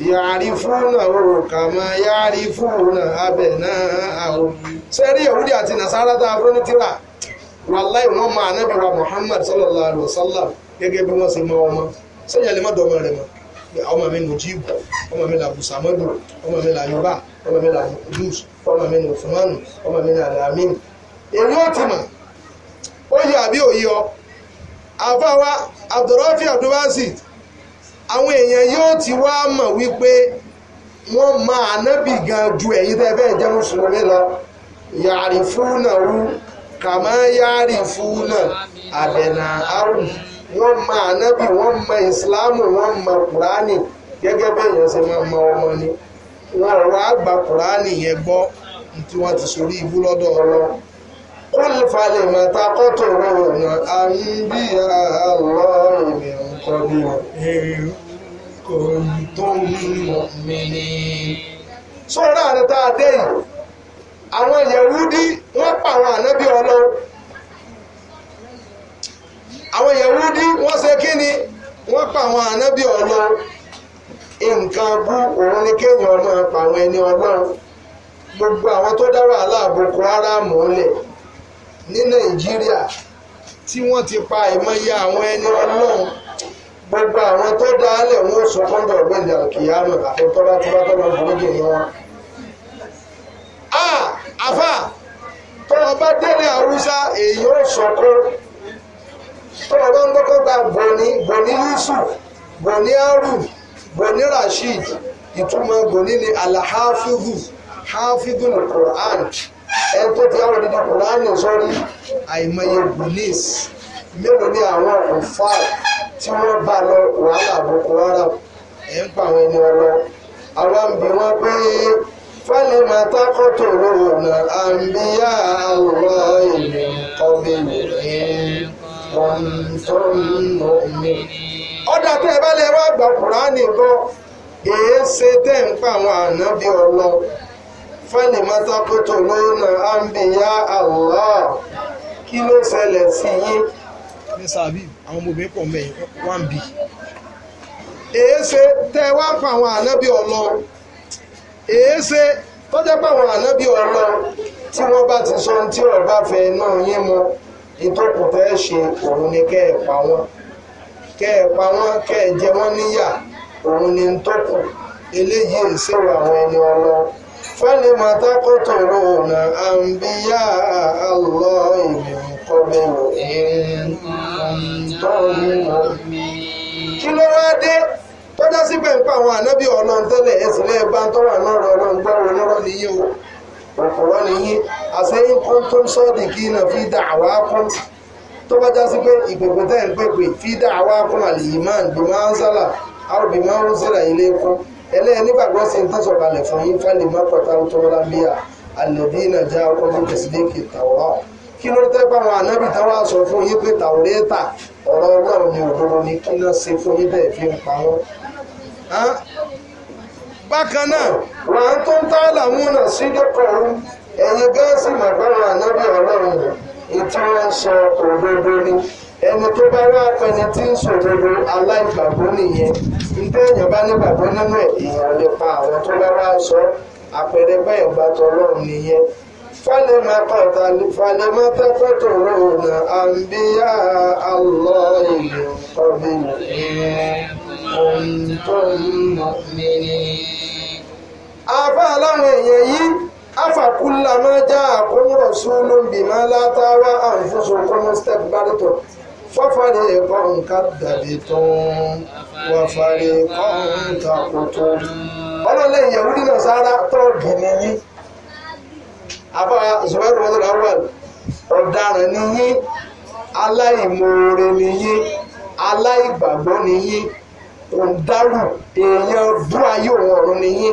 yàrí fúnà òrùka mọ yàrí fúnà abẹ náà àwọn. sẹ́rí yahudi àti nasara tá a fún ní tíra wàláì wọn máa nábì wa muhammad sallallahu alayhi wa sallam gẹ́gẹ́ bí wọ́n ṣe mọ ọmọ sẹ́yìn alẹ́ má dọ̀ ọmọ rẹ̀ mọ́ ọmọ mi nù jíìbù ọmọ mi là bùsàmọ́dù ọmọ mi là yorùbá ọmọ mi là kudus ọmọ mi nù fúnmánù ọmọ mi là alamin. èyí ó ti mà ó yẹ àbí òye ọ àfáwa abdulrafi abdulbasit àwọn èèyàn yóò ti wá mọ̀ wípé wọ́n ma ànábì gan ju ẹ̀yin tẹ́ fẹ́ jẹ́ mùsùlùmí lọ yàrá fún náà kàmá yàrá fún náà àbẹ̀nà àrùn wọ́n mọ ànábì wọ́n mọ ìsìláàmù wọ́n mọ kùránì gẹ́gẹ́ ṣe máa mọ ọmọ ni wọ́n rọ àgbà kùránì yẹn ti lọ́dọ̀ ọlọ́run قل فلم تقتلون أنبياء الله من قبل إن كنتم مؤمنين a dé àwọn wọ́n pa àwọn ànábì ọlọ́run àwọn wọ́n ṣe kí wọ́n pa àwọn ànábì ọlọ́run nǹkan bú òun ni kéèyàn ẹni ọlọ́run gbogbo àwọn tó dá wàhálà àbùkù ara ní nàìjíríà tí wọ́n ti pa àìmọye àwọn ẹni ọlọ́run gbogbo àwọn tó dálẹ̀ wọn ò sọ fọ́ńdọ̀ ọ̀gbẹ́ni àkìyàmọ̀ àfọ́tọ́lá tó bá tọ́lá ọ̀gbọ́n méjì ni wọn. a ah, àfà tó o bá délé haúsá èyí ò sọkó tó o bá ń kọ́kọ́ gba bọ̀ní bọ̀ní yusuf bọ̀ní arun bọ̀ní rasheed ìtumọ̀ bọ̀ní ni alahafidu hafidu ni quran. ẹni tó ti àwọn ìdíje kùránì sórí àìmọye bùlíìsì mélòó ní àwọn òfà tí wọ́n bá lọ wàhálà àbùkù rárá ẹ̀ ń ọlọ àwọn àmì wọn pé fẹ́lẹ̀ máa tákọ́ tó lóòrùn ìlú ọ̀dà tẹ́ ẹ bá lè wá gbọ́ èé ṣe tẹ́ ń pa àwọn ọlọ́ fẹ́lẹ̀mọ́ tákótó lóyún àǹbíyá àlọ́ kí ló ṣẹlẹ̀ sí yín. ní sàbí àwọn obìnrin pọ̀ mẹ́yìn one b. èé ṣe wá pa àwọn ànábì ọlọ. èé ṣe pa àwọn ànábì ọlọ tí wọ́n bá ti sọ tí ọ̀rọ̀ bá fẹ́ náà yín ẹ̀ ṣe òun ni kẹ́ ẹ̀ pa wọ́n kẹ́ ẹ̀ pa wọ́n kẹ́ ẹ̀ wọ́n níyà eléyìí àwọn ẹni فلم تقتلون أنبياء الله من قبل إن كنتم مؤمنين kí ló wá sí pé àwọn ànábì ọlọ́run tẹ́lẹ̀ ẹ̀sìn bá ń ọlọ́run fi kún tó bá já sí pé ìpèpè tẹ́ ń pèpè fi dà wá kún àlè yìí ẹlẹ́yìn nígbàgbọ́ sí ní tásọ̀kalẹ̀ fún yín fálẹ̀ má pàtà tọ́lá bíyà àlẹ́bí náà já ọkọ̀ ní tẹ̀sídẹ́ẹ̀kì tàwọ́rọ́ kí ló tẹ́ pàwọn ànábì táwọn aṣọ fún yín pé tàwọ́rẹ́ta ọ̀rọ̀ ọlọ́run ni òdodo ni kí náà ṣe fún yín bẹ́ẹ̀ fi ń pa wọ́n. bákan náà wà á tó ń tá làmúnà sídẹ́kọ̀ọ́rù ẹ̀yin gáàsì màgbáwọn ànábì ọlọ́run ìtí wọ́n sọ òdodo ni ẹni tó bá wá pẹni tí ń ṣòdodo aláìgbàgbọ́ nìyẹn nígbà èèyàn bá nígbàgbọ́ nínú ẹ̀ èèyàn lè pa àwọn tó bá wá sọ àpẹẹrẹ bẹ́ẹ̀ bá tọlọ́run nìyẹn fálẹ́mà tọ̀tà fálẹ́mà tẹ́fẹ́ tó rọrùn àǹbíyá àlọ́ ìlú ọ̀bí ohun tó ń mọ̀ mí ni. àbá aláwọn èèyàn yìí afàkúlà máa já àkóńrọ̀ sí olóńgbì máa látara àǹfọ̀sọ̀ kọ́mọ́sítẹ́pù bá dé tọ̀. وفريقا كذبتم وفريقا تقتلون ọlọ́lẹ́yìn yahudi náà sára tọ́ọ̀dù nìyí àbá zubairu mọ́tò lawal ọ̀daràn nìyí aláìmoore nìyí aláìgbàgbọ́ nìyí òǹdarù èèyàn bú ayé òun ọ̀run nìyí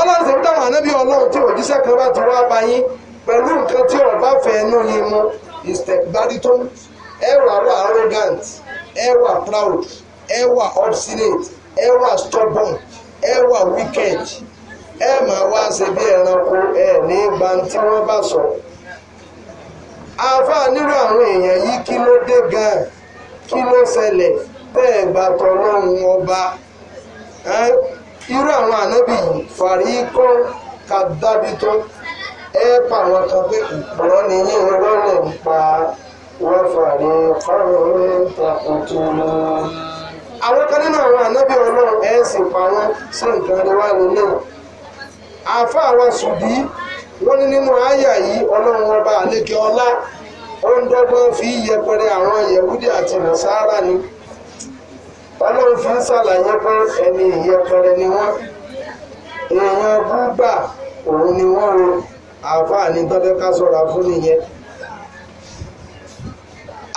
ọlọ́run tẹ̀wé táwọn anábì ọlọ́run tí òjíṣẹ́ kan bá ti wá bá yín pẹ̀lú nǹkan tí ọ̀rọ̀ bá ẹnu yín mu ìsìtẹ̀gbárí Ewa wà arrogant ewa proud ewa obstinate ewa stubborn ewa wicked ẹ ma wá ṣe bí ẹranko ẹ ní gbantí wọ́n bá sọ àáfàá nírú àwọn èèyàn yìí kí ló dé gan-an kí ló ṣẹlẹ̀ bẹ́ẹ̀ bá tọlọ́run ọba irú àwọn ànábì yìí fàrí kọ́ ká dábì tó ẹ pa àwọn kan pé ìpọ̀rọ̀ nìyí rọ́lẹ̀ ń pa á. وفريقا تقتلون àwọn kan nínú àwọn ànábì ọlọ́run ẹ̀ sì sí nǹkan níwájú náà àfa àwọn ṣùbí wọ́n ní nínú àyà yìí ọlọ́run ọba àlékè ọlá ó fi yẹpẹrẹ àwọn yẹwúdí àti nàṣàrà ni ọlọ́run fi ń ṣàlàyé pé ẹni ìyẹpẹrẹ ni wọ́n èèyàn búgbà òun ni wọ́n ro sọ̀rọ̀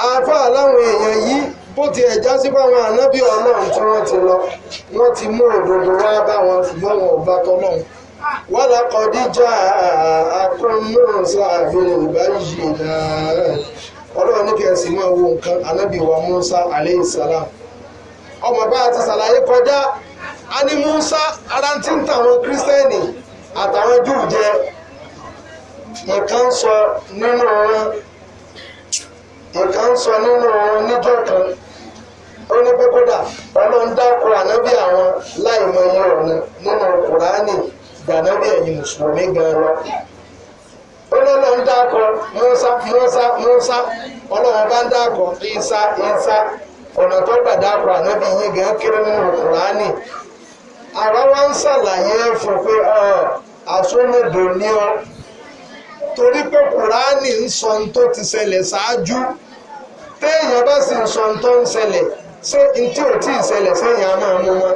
àáfàá láwọn èèyàn yìí bó ti ẹ̀já sí fáwọn ànábì ọlọ́run tí wọ́n ti lọ wọ́n ti mú òdodo wá bá wọn ṣùgbọ́n wọn ò bá tọ́lọ́run wọ́n lọ kọjú já akọ́nù sáàbìrì báyìí ọlọ́run ní kẹsì máa wo nǹkan ànábì wa Musa alayhi salam ọmọ bá ti ṣàlàyé kọjá a ní Musa ara ti ń tàwọn kírísítẹ́nì àtàwọn júù jẹ nǹkan sọ nínú wọn. nǹkan nsọ sọ nínú oníjọ́ kan ó ní ọlọ́run dákọ̀ àwọn láì mọ ọmọ ọ̀nà nínú kùránì gbànábì ẹ̀yìn mùsùlùmí gan lọ ó ní ọlọ́run mọ́sá mọ́sá mọ́sá bá ń dákọ̀ ìsá ìsá ọ̀nà tó gbà dákọ̀ yín gan nínú kùránì àwa wá ń torí pé kùránì ń sọ ohun tó ti ṣẹlẹ̀ ṣáájú téèyàn bá sì ń sọ ohun tó ń ṣẹlẹ̀ ṣé n tí ò tí ì ṣẹlẹ̀ sẹ́yìn àmọ́ ọmọ wọn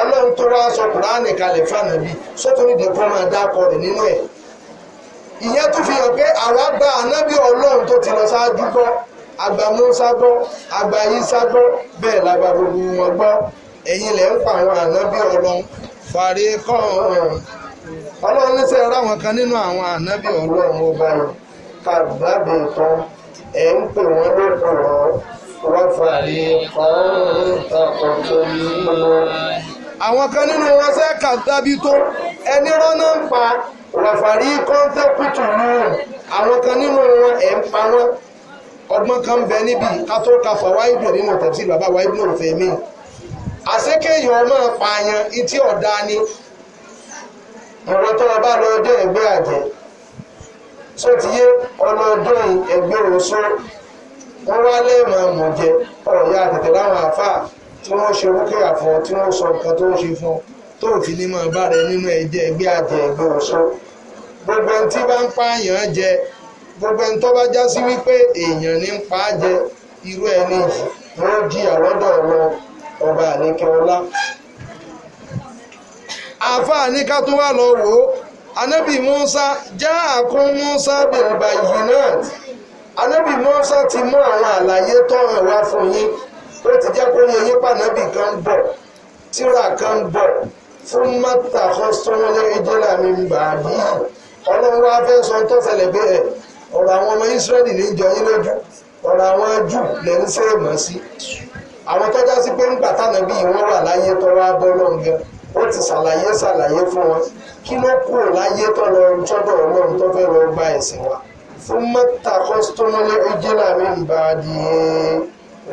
ọlọ́run tó wá sọ kùránì kalẹ̀ fànàbí sótò nídìí kó máa dákọ rẹ̀ nínú ẹ̀ ìyẹn tó fi hàn pé àwa gba ànábì ọlọ́run tó ti lọ ṣáájú gbọ́ àgbà Mùsá gbọ́ àgbà Ìsá gbọ́ bẹ́ẹ̀ làgbà gbogbo wọn gbọ́ ẹ̀yin lẹ́ ń pa àwọn ànábì ọlọ́run fàrí kọ́ ọ̀hún ọlọ́run ní sẹ́yìn ráwọn kan nínú àwọn ànábì ọlọ́run ọba yìí kàbábì kan ẹ̀ ń pè wọ́n lóko lọ wọ́fàlì kan takọ̀ tó nínú. àwọn kan nínú wọn sẹ́ kàbábì tó ẹni rọ́nà ń pa wọ́fàlì kan tẹ́kùtù mú àwọn kan nínú wọn ẹ̀ ń pa wọn ọgbọ́n kan bẹ níbi kátó kafà wáyé dùn nínú tẹ̀sí bàbá wáyé dùn òfin mi àṣekéyàn máa pààyàn etí ọ̀dá ni ìwọ tó o bá lọ dé ẹgbẹ́ àjẹ́ tó ti yé ọlọ́dún ẹgbẹ́ òṣó wọ́n wá lẹ́ẹ̀mọ̀ àmọ̀jẹ ọ̀yà àtẹ̀tẹ̀ láwọn àáfàá tí wọ́n ṣe rúkẹ́yà fún ọ tí wọ́n sọ nǹkan tó ń ṣe fún ọ tó fi ní mọ̀ bá rẹ nínú ẹ̀jẹ̀ ẹgbẹ́ àjẹ́ ẹgbẹ́ òṣó gbogbo ẹni tí bá ń pààyàn jẹ gbogbo ẹni tó bá já sí wípé èèyàn ní ń pa á jẹ irú ẹni yìí wọ́n jìyà lọ́dọ̀ ọ̀rọ̀ àáfàá ní ká tún wá lọ wò ó anábì Musa já àkún Musa bèrèbà yìí náà anábì Musa ti mú àwọn àlàyé tọ̀hún wá fún yín ó ti jẹ́ pé yín pànábì kan ń bọ̀ tíra kan ń bọ̀ fún mọ́tà kọ́sọ́mọ́lẹ́ ìjìlá mi ń bà á bí ọlọ́run wá fẹ́ sọ tó ṣẹlẹ̀ pé ọ̀rọ̀ àwọn ọmọ Ísírẹ́lì ní jọ yín lójú ọ̀rọ̀ àwọn jù lẹ́ ń ṣèmọ̀ sí àwọn tọ́já sí pé ń gbà tànàbí ìwọ́n wà láyé tọ́wọ́ abọ́ lọ́ngẹ́ ó ti ṣàlàyé ṣàlàyé fún wọn kí ló kúrò láyé tó lọ sọ́dọ̀ ọlọ́run tó fẹ́ lọ gba ẹ̀sìn wa fún mẹ́ta kọ́sítọ́mọ́lé ọjọ́lá mi ń bá a di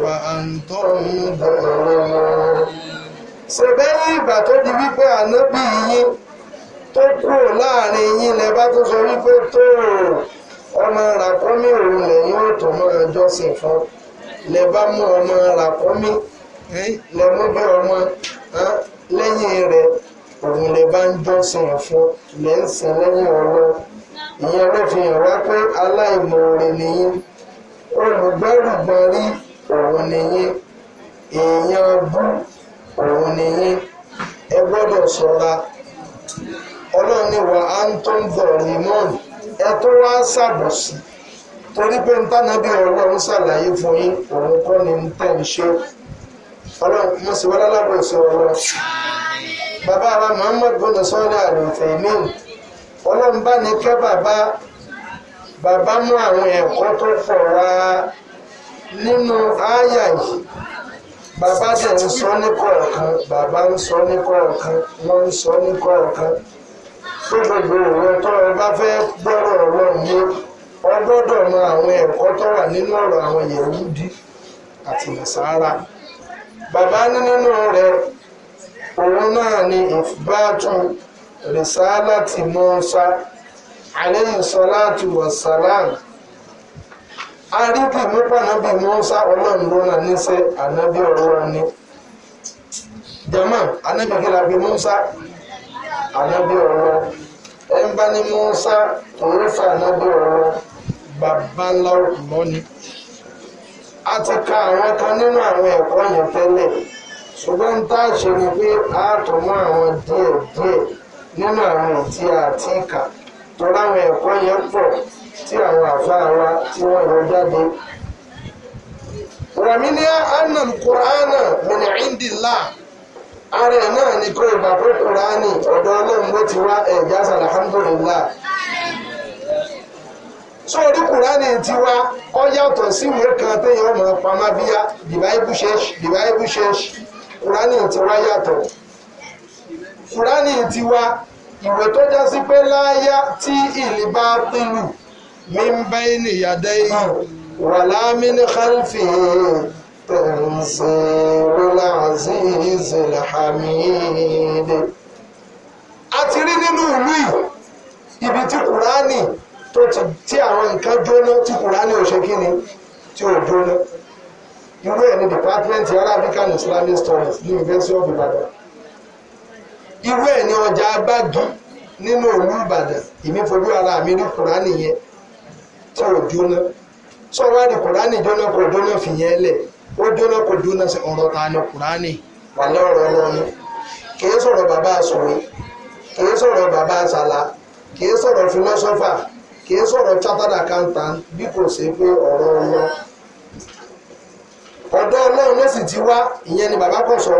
wà á ń tọ́ ń bọ̀rọ̀ wọn. ṣèbẹ́yìn ìgbà tó di wípé ànábì yín tó kúrò láàrin yín lẹ bá tó sọ wípé tó ọmọ ràkúnmí òun lẹ́yìn òtò mọ́ ẹjọ́ sìn fún lẹ bá mú ọmọ ràkúnmí lẹ mú bí ọmọ. lẹ́yìn rẹ̀ òun lè bá ń jọ́sìn fún lè ń sìn lẹ́yìn ọ̀rọ̀ ìyẹn ló fi hàn wá pé aláìmoore nìyí Olùgbọ́rùgbọ́n rí òun nìyí èèyàn bú òun nìyí ẹ gbọ́dọ̀ sọ̀ra, ọlọ́run ní wa anton dorimon ẹ tó wá sàbọ̀sì. torí pé ń tànà bí ọlọ́run ṣàlàyé fún yín òun kọ́ ni ń tẹ̀ ń ṣe. ọlọ́run mọ̀ sí wọ́lá lábọ̀ ìṣòro lọ. bàbá wa Muhammad bọ́lá sọ́ọ́lá àlùfẹ́ mi ọlọ́run bá ní kẹ́ bàbá bàbá mú àwọn ẹ̀kọ́ tó fọ̀ wá nínú ááyà yìí bàbá dẹ̀ ń sọ ní kọ̀ọ̀kan bàbá ń sọ ní kọ̀ọ̀kan wọ́n ń sọ ní kọ̀ọ̀kan tó gbogbo ìwé tó o bá fẹ́ gbọ́rọ̀ ọlọ́run yé o gbọ́dọ̀ mọ àwọn ẹ̀kọ́ tó wà nínú ọ̀rọ̀ àwọn Yẹhudi àti Nasara. baba nínú rẹ̀ òun náà ni ìfúbátún ti Mùsá alayhi ti wassalam arígbì nípa nábì Mùsá ọlọ́run ló náà níṣẹ́ ànábì ọlọ́run ni jama ànábì kí la bí Mùsá ànábì a ti ka àwọn kan nínú àwọn ẹ̀kọ́ yẹn tẹ́lẹ̀ ṣùgbọ́n tá a ṣe ni pé a tún mú àwọn díẹ̀ díẹ̀ nínú àwọn tí a ti kà tó láwọn ẹ̀kọ́ yẹn pọ̀ tí àwọn àfáà wa tí wọ́n yọ jáde. Ràmínà Annan Kùránà mìnà Índìlá ara ẹ̀ náà ni kó ìgbà Kùránì ọ̀dọ̀ Ọlọ́run ló ti wá ẹ̀já sàlàhámdùlélà so orí kùránì tiwa ọ yàtọ̀ sí ìwé kan téèyàn mọ̀ pamọ́ bíyá the bible church the bible church kùránì tiwa yàtọ̀ kùránì tiwa ìwé tó já sí pé láyá tí ìlíbá pínlù mi ń bá ènìyàdá èyí wà láàmì ní kálífì tẹ̀síwò láàzíìsì làhàmìdì. a ti rí nínú ìlú yìí ibi tí kùránì tó ti tí àwọn nǹkan jóná tí kùránì òṣè ni tí ò jóná irú ẹ̀ ní department Arabic and Islamic Studies ní University of Ibadan irú ẹ̀ ní ọjà agbági nínú ìlú Ìbàdàn èmi fojú ara mi rí kùránì yẹn tí ò jóná sọ wá ní kùránì jóná kò jóná fìyẹn lẹ̀ ó jóná kò jóná sí ọ̀rọ̀ ta ni kùránì wà lọ́rọ̀ lọ́nu kì í sọ̀rọ̀ bàbá àsòwé kì sọ̀rọ̀ bàbá àsàlà kì sọ̀rọ̀ fìlọ́sọ́fà ka í sọ̀rọ̀ chartered accountant nta kò ṣe pé ọrụ ọrụ ọ̀dọ̀ ọlọ́run ló sì ti ni baba kọ̀ sọ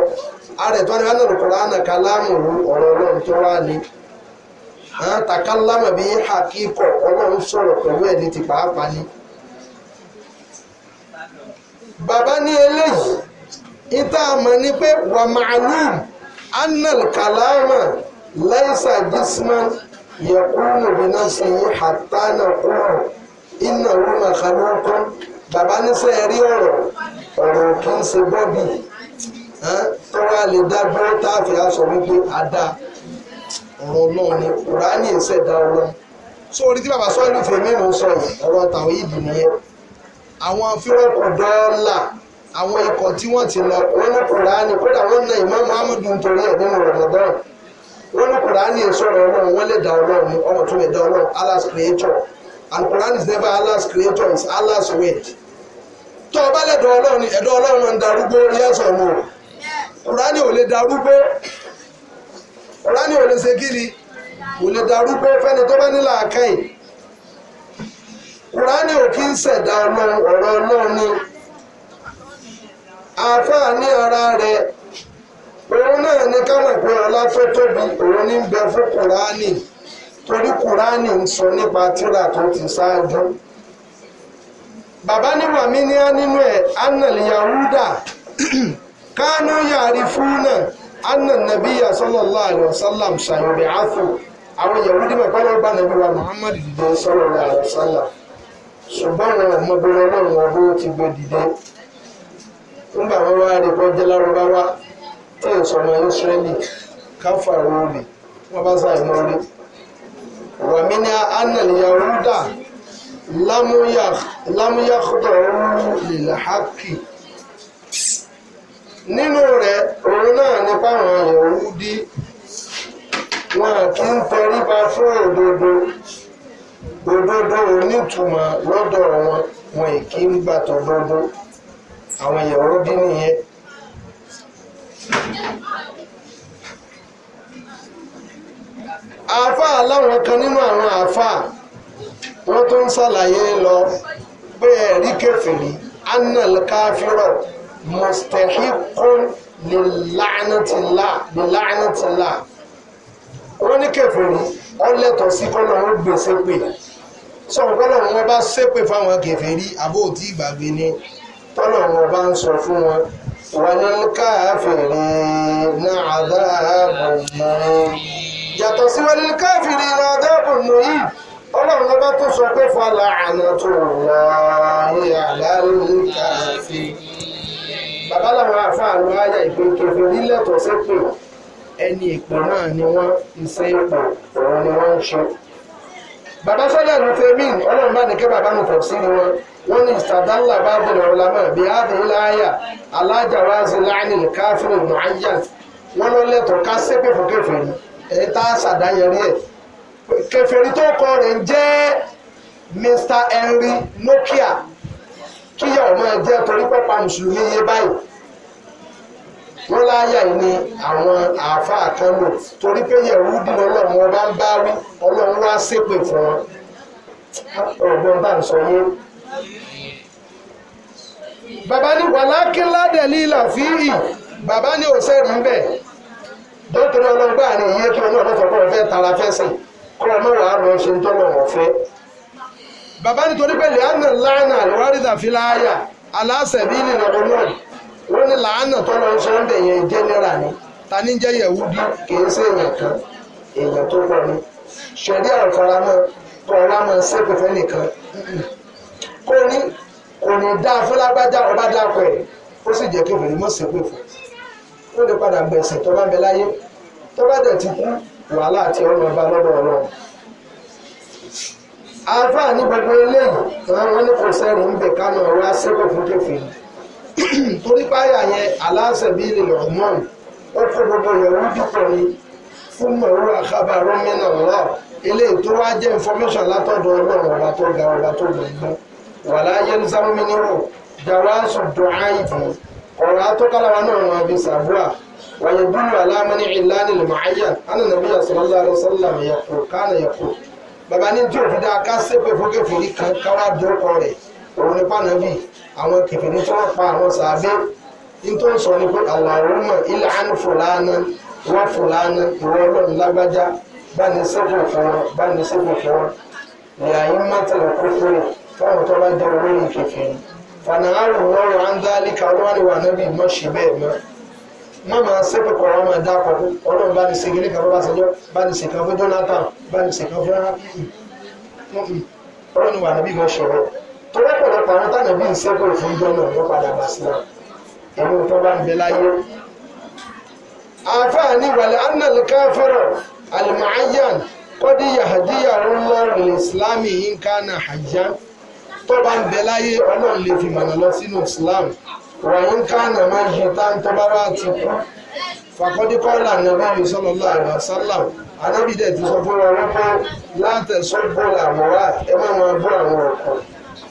ààrẹ tó wá ní wọn ọrụ kọ̀ọ̀rọ̀ àná kálámù ọ̀rọ̀ ọlọ́run tó wá ní àwọn takálámù bíi hakíkọ̀ ọlọ́run sọ̀rọ̀ pẹ̀lú ẹ̀ ni bàbá ní eléyìí ìta àmọ́ ni pé wà màálùm jisman yẹkúrò bí náà sì yí hàtà náà kúrò iná rú náà kálukún bàbá nífẹ̀ẹ́ rí ọ̀rọ̀ ọ̀rọ̀ kì í ṣe bọ́bì tó wá lè dá dúró táàfì aṣọ wípé àdá ọ̀rọ̀ náà ni kùránì ìṣẹ̀dá ọlọ́run so orí tí bàbá sọ́ọ́lù fèmí ló ń sọ ọ̀rọ̀ tàwọn ìdì nìyẹn àwọn fírọ́kù dọ́là àwọn ikọ̀ tí wọ́n ti lọ wọn ní kùránì kódà wọn náà ìmọ̀ muhammadu nítorí ẹ̀ nínú rọ̀mọdọ́rùn wọ́n ní kùránì sọ̀rọ̀ ọlọ́run wọ́n lè dá ọlọ́run ọmọ and Quran is never Allah's creator it's Allah's word tó o bá lè dá ọlọ́run ẹ̀dọ́ ọlọ́run ń darúgbó yes or no kùránì ò lè darúgbó kùránì ò lè ṣe ò lè darúgbó fẹ́ni tó bá nílò kùránì ò kí òun náà ní kánàpé ọláfẹ́tóbi òun ní bẹ fún kùránì torí kùránì ń sọ nípa tírà tó ti ṣáájú bàbá ní wàmí ní nínú ẹ̀ annal yahuda kánú yàrí fún náà annan nabiya sallallahu alaihi wasallam ṣàyọ̀bẹ̀ àwọn yahudi mẹ́kànlá bá nàbí wa muhammad dìde àwọn ọmọbìnrin ọdún ti gbé dìde nígbà wọn wá tí ò sọmọ Ísírẹ́lì káfà rúurì wọ́n bá sá iná rí wàmínà anàlìyàwúdà lámúyàkúdọ̀ lìlàhákì nínú rẹ̀ òun náà nípa àwọn Yẹ̀húdí wọn àti ń tẹríba fún òdodo òdodo onítùmọ̀ lọ́dọ̀ wọn wọn kì í gbàtọ̀ dodo àwọn Yẹ̀húdí nìyẹn àáfàá láwọn kan nínú àwọn àáfàá wọ́n tó ń ṣàlàyé lọ bẹ́ẹ̀ rí kẹfìrí annal káfírọ̀ mustahikun lìlánàtìlá lìlánàtìlá wọ́n ní kẹfìrí ọlẹ́tọ̀ sí kọ́nà wọn gbèsè e pè sọ̀rọ̀ kọ́nà wọn bá ṣépè fáwọn kẹfìrí àbóòtí ìgbàgbé ni tọ́nà wọn bá ń sọ fún wọn وللكافرين عذاب مهين yàtọ̀ sí wọlé káfíìrì ní ọdọ́bùn nìyí ọlọ́run lọ́ba tó sọ pé fọlá àná tó wọ ní àlálù káfí. bàbá làwọn afáàlú ayà ìpè kẹfìrí lẹ́tọ̀ọ́ sépè ẹni ìpè náà ni wọ́n ń ṣe òun ni wọ́n ń ṣe bàbá sọ́jà ló fẹ́ mí ọlọ́run bá nìkẹ́ bàbá mi fọ̀ sí ni wọn wọn ní ìsàdánlá bá bẹ̀rẹ̀ ọ̀la mọ̀ bí áàbò láàyà alájàwá sí láàánì káfíìn mọ̀áyà wọn lọ lẹ́tọ̀ọ́ ká sẹ́pẹ̀ fún kẹfẹ́rí ẹ̀ tá a ṣàdáyẹrí ẹ̀ kẹfẹ́rí tó kọ rẹ̀ ń jẹ́ Mr. Henry Nokia kíyà ọmọ ẹ̀ jẹ́ torí pẹ́pà mùsùlùmí yé báyìí wọ́n láyà ní àwọn àáfàá kan lò torí pé yẹ̀wúdì lọ́lọ́run ọba ń bá wí ọlọ́run wá ṣépè fún wọn ọ̀gbọ́n bá ń sọ yé. bàbá ní wàlákínládẹ̀lì làfíì bàbá ní òṣèré ń bẹ̀ dókítà ọlọ́gbà ni iye kí ọlọ́run ọ̀fẹ́ kọ́ ọ̀fẹ́ tara fẹ́sìn kọ́ ọmọ wàá lọ ṣe ń tọ́lọ̀ ọ̀fẹ́. bàbá nítorí pẹ̀lú àná lánàá lọ́wọ́rìdà fi láàyà aláṣẹ̀bí nìlọ́wọ́ náà wọ́n ní làánà tó lọ sọ ń bẹ̀ yẹn jẹ́nẹ́rà ni ta ní jẹ́ yẹ̀wúdí kì í ṣe èèyàn kan èèyàn tó pọ̀ ni ṣẹ̀dí àrùfara náà kọ́ ọ̀la máa ṣépèfẹ́ nìkan kò ní kò ní dá afọlágbájá ọba dákọ̀ ẹ̀ ó sì jẹ́ kéwòn ní mọ̀ṣẹ́pẹ̀fọ́ ó lè padà gbẹ̀sẹ̀ tó bá bẹ láyé tó bá dẹ̀ ti kú wàhálà àti ọ̀nà ọba lọ́dọ̀ ọlọ́run àáfàá ní gbogbo eléyìí wọn ní kò sẹ́rù ń bẹ̀ ká máa wá fún kéfì yìí torí páyà yẹn aláṣẹ̀bí ilẹ̀ ọ̀mọ́n ó kó gbogbo ìyẹ̀wò dìpọ̀ ni fún mọ̀rú àkábà rọ́mìnà lọ́wọ́ eléyìí tó wá jẹ́ information látọ̀dọ̀ ọlọ́run ọba tó ga ọba tó gbà igbó wà láyé ní sámúmínírò jàwáṣù dùnà ìbò ọ̀rọ̀ atọ́kálára náà wọn bí sàbúrà wàyé búrú alámọ́ní ìlànà ìlmàáyà ánànàbí sallallahu alaihi wasallam yẹ̀kọ̀ kánà yẹ̀kọ̀ òun ni pànàbì àwọn kìfìrí tí wọ́n pa àwọn sàbẹ́ nítorí wọ́n sọ ni pé Allahumma il'an fulana wa fulana ìwọ ọlọ́run lágbájá bá ní sẹ́kù fún wọn bá ní fún wọn kókó rẹ̀ fáwọn tó bá kìfìrí ọlọ́run wà mọ́ bẹ́ẹ̀ mọ́ má máa kọ̀ọ̀rọ̀ máa dá ọkọ̀ ọlọ́run bá ní tọ́lọ́pọ̀lọpọ̀ àwọn táwọn bí ń sẹ́kọ̀ọ́ fún ìjọ náà wọ́n padà bá sí náà ẹ̀rọ tó bá ń bẹ láyé. àfààní wàlẹ̀ annal káfẹ́rọ̀ alimahayan kọ́dí yahadiya rọ́lọ́rùn islámi yín kánà hajjá tó bá ń bẹ láyé ọlọ́run lè fi mọ̀nà lọ sínú islam wàyín kánà máa yí tá tó bá wá ti kú fàkọ́díkọ́lá nàbí sọ́lọ́lá àrùn anábìdẹ̀ ti sọ fún wọn wípé látẹ̀sọ́ bọ́ọ̀lù àmọ́ra ẹ má máa bọ́ àwọn ọ̀kan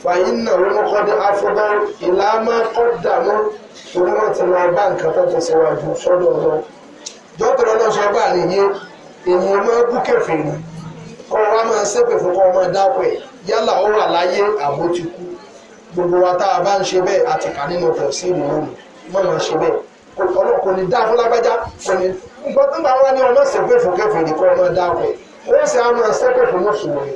fàyín náà wọ́n kọ́ dé afọ́gbá ìlàmà kọ́dà mọ́ torí wọ́n ti lọ bá nǹkan tó tẹ̀síwájú sọ́dọ̀ lọ. dókítà ọlọ́sọ bá nìyẹn èèyàn máa bú kẹfì ni kọ́ wa máa ṣépè fún kọ́ máa dápẹ́ yálà ó wà láyé àbó ti kú gbogbo wa tá a bá ń ṣe bẹ́ẹ̀ àti kà nínú ọ̀tọ̀ sí ìlú lónìí má máa ṣe bẹ́ẹ̀ kò ní dá fún kò ní gbọ́dọ̀ nígbà wọn ni ọmọ ṣépè fún kẹfì ni kọ́ máa dápẹ́ ó sì á máa ṣépè fún mùsùlùmí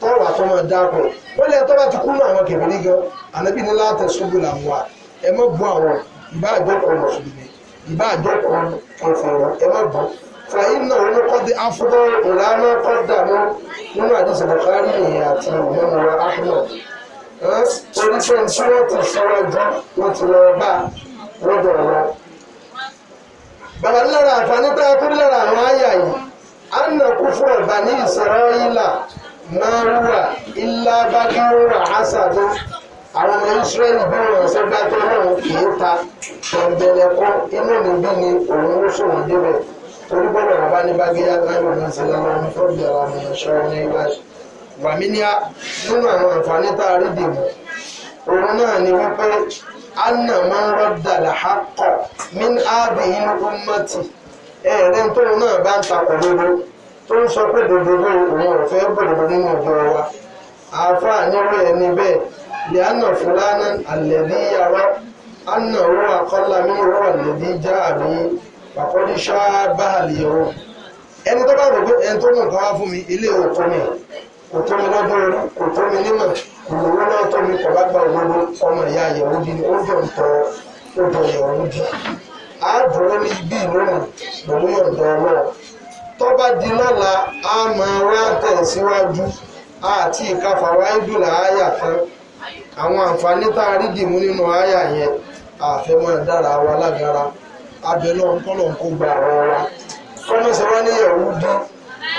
tọ́rọ̀ bá tọ́mọ dákọ̀ wọ́n lẹ́yìn tó bá ti kú nù àwọn kẹ̀mẹ́rí gan ànábì ní látẹ̀ ṣubú làwọn wa ẹ mọ́ bu àwọn ìbá àjọpọ̀ mùsùlùmí ìbá àjọpọ̀ kẹfẹ̀rọ ẹ mọ́ bu fàyín náà wọn kọ́ di afúgọ́ ọ̀làmọ́ kọ́ dànù nínú àdìsí bàkárí nìyẹn àti ìmọ̀nàwó ahmed oníṣẹ́ tí wọ́n ti sọ̀rọ̀ ju wọ́n ti lọ bá lọ́dọ̀ wọn. bàbá lára àǹfààní tá a kú lára àwọn àyà yìí á nà kú fún ọ̀bà ní ìsọ̀rọ̀ yìí là máa ń wà ilá bá kán rà ásàdá àwọn ọmọ Ísírẹ́lì bí wọ́n ṣe gbá tó náà kì í ta tẹ̀m̀bẹ̀lẹ̀kọ́ inú mi bí ni òun ó ṣòwò débẹ̀ torí bọ́lọ̀ bàbá ní bágéyà láyọ̀ náà ṣe lára wọn fún ìyá ara mi ẹ̀ṣọ́ ní ìwájú. wàmíníà nínú àwọn àǹfààní tá a rí dìbò òun náà ni wípé anna máa ń rọ́dà làhákọ̀ min ábìyín ọmọtì ẹ̀ẹ́dẹ́n tóun náà bá ń takò lóró tó ń sọ pé dòdòdò òun ọ̀fẹ́ gbòdòdò nínú ìjọ wa àáfàá níwọ̀ ẹni bẹ́ẹ̀ lẹ́ànà fúlànà àlẹ́bí yàrá ànà owó àkọ́lá já àbí bá ẹni tó bá rò pé ẹni tó wá fún mi ilé òkú mi kò tó mi lọ́dún orí kò tó mi nímọ̀ náà tó mi kọ̀ bá gba ọmọ ìyá àyẹ̀wò bí ó tó bá di lọ́la a máa wá tẹ̀síwájú àti ìkàfàwá ìdùlà àyà tán àwọn àǹfààní tá a rí dìmú nínú àyà yẹn àfẹ́mọ́ dára wa lágara abẹ́nú ọ̀nkọ́lọ̀ kó gba àwọn wa kọ́mọ̀sẹ̀ wá ní ẹ̀wù dán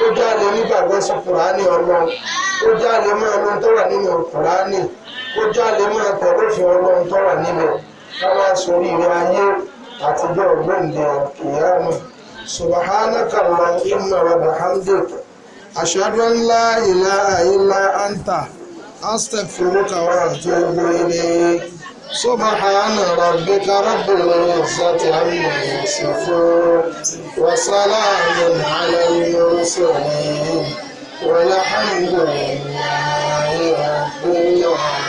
ó jáde nígbàgbọ́ sí kùránì ọlọ́run ó jáde máa lọ tó wà nínú kùránì ó jáde máa tẹ̀lófin ọlọ́run tó wà níbẹ̀ káwá sórí ilé ayé àtijọ́ ògbóǹde àkèyàmù. سبحانك اللهم وبحمدك أشهد أن لا إله إلا أنت أستغفرك وأتوب إليك سبحان ربك رب العزة عما يصفون وسلام على المرسلين والحمد لله رب العالمين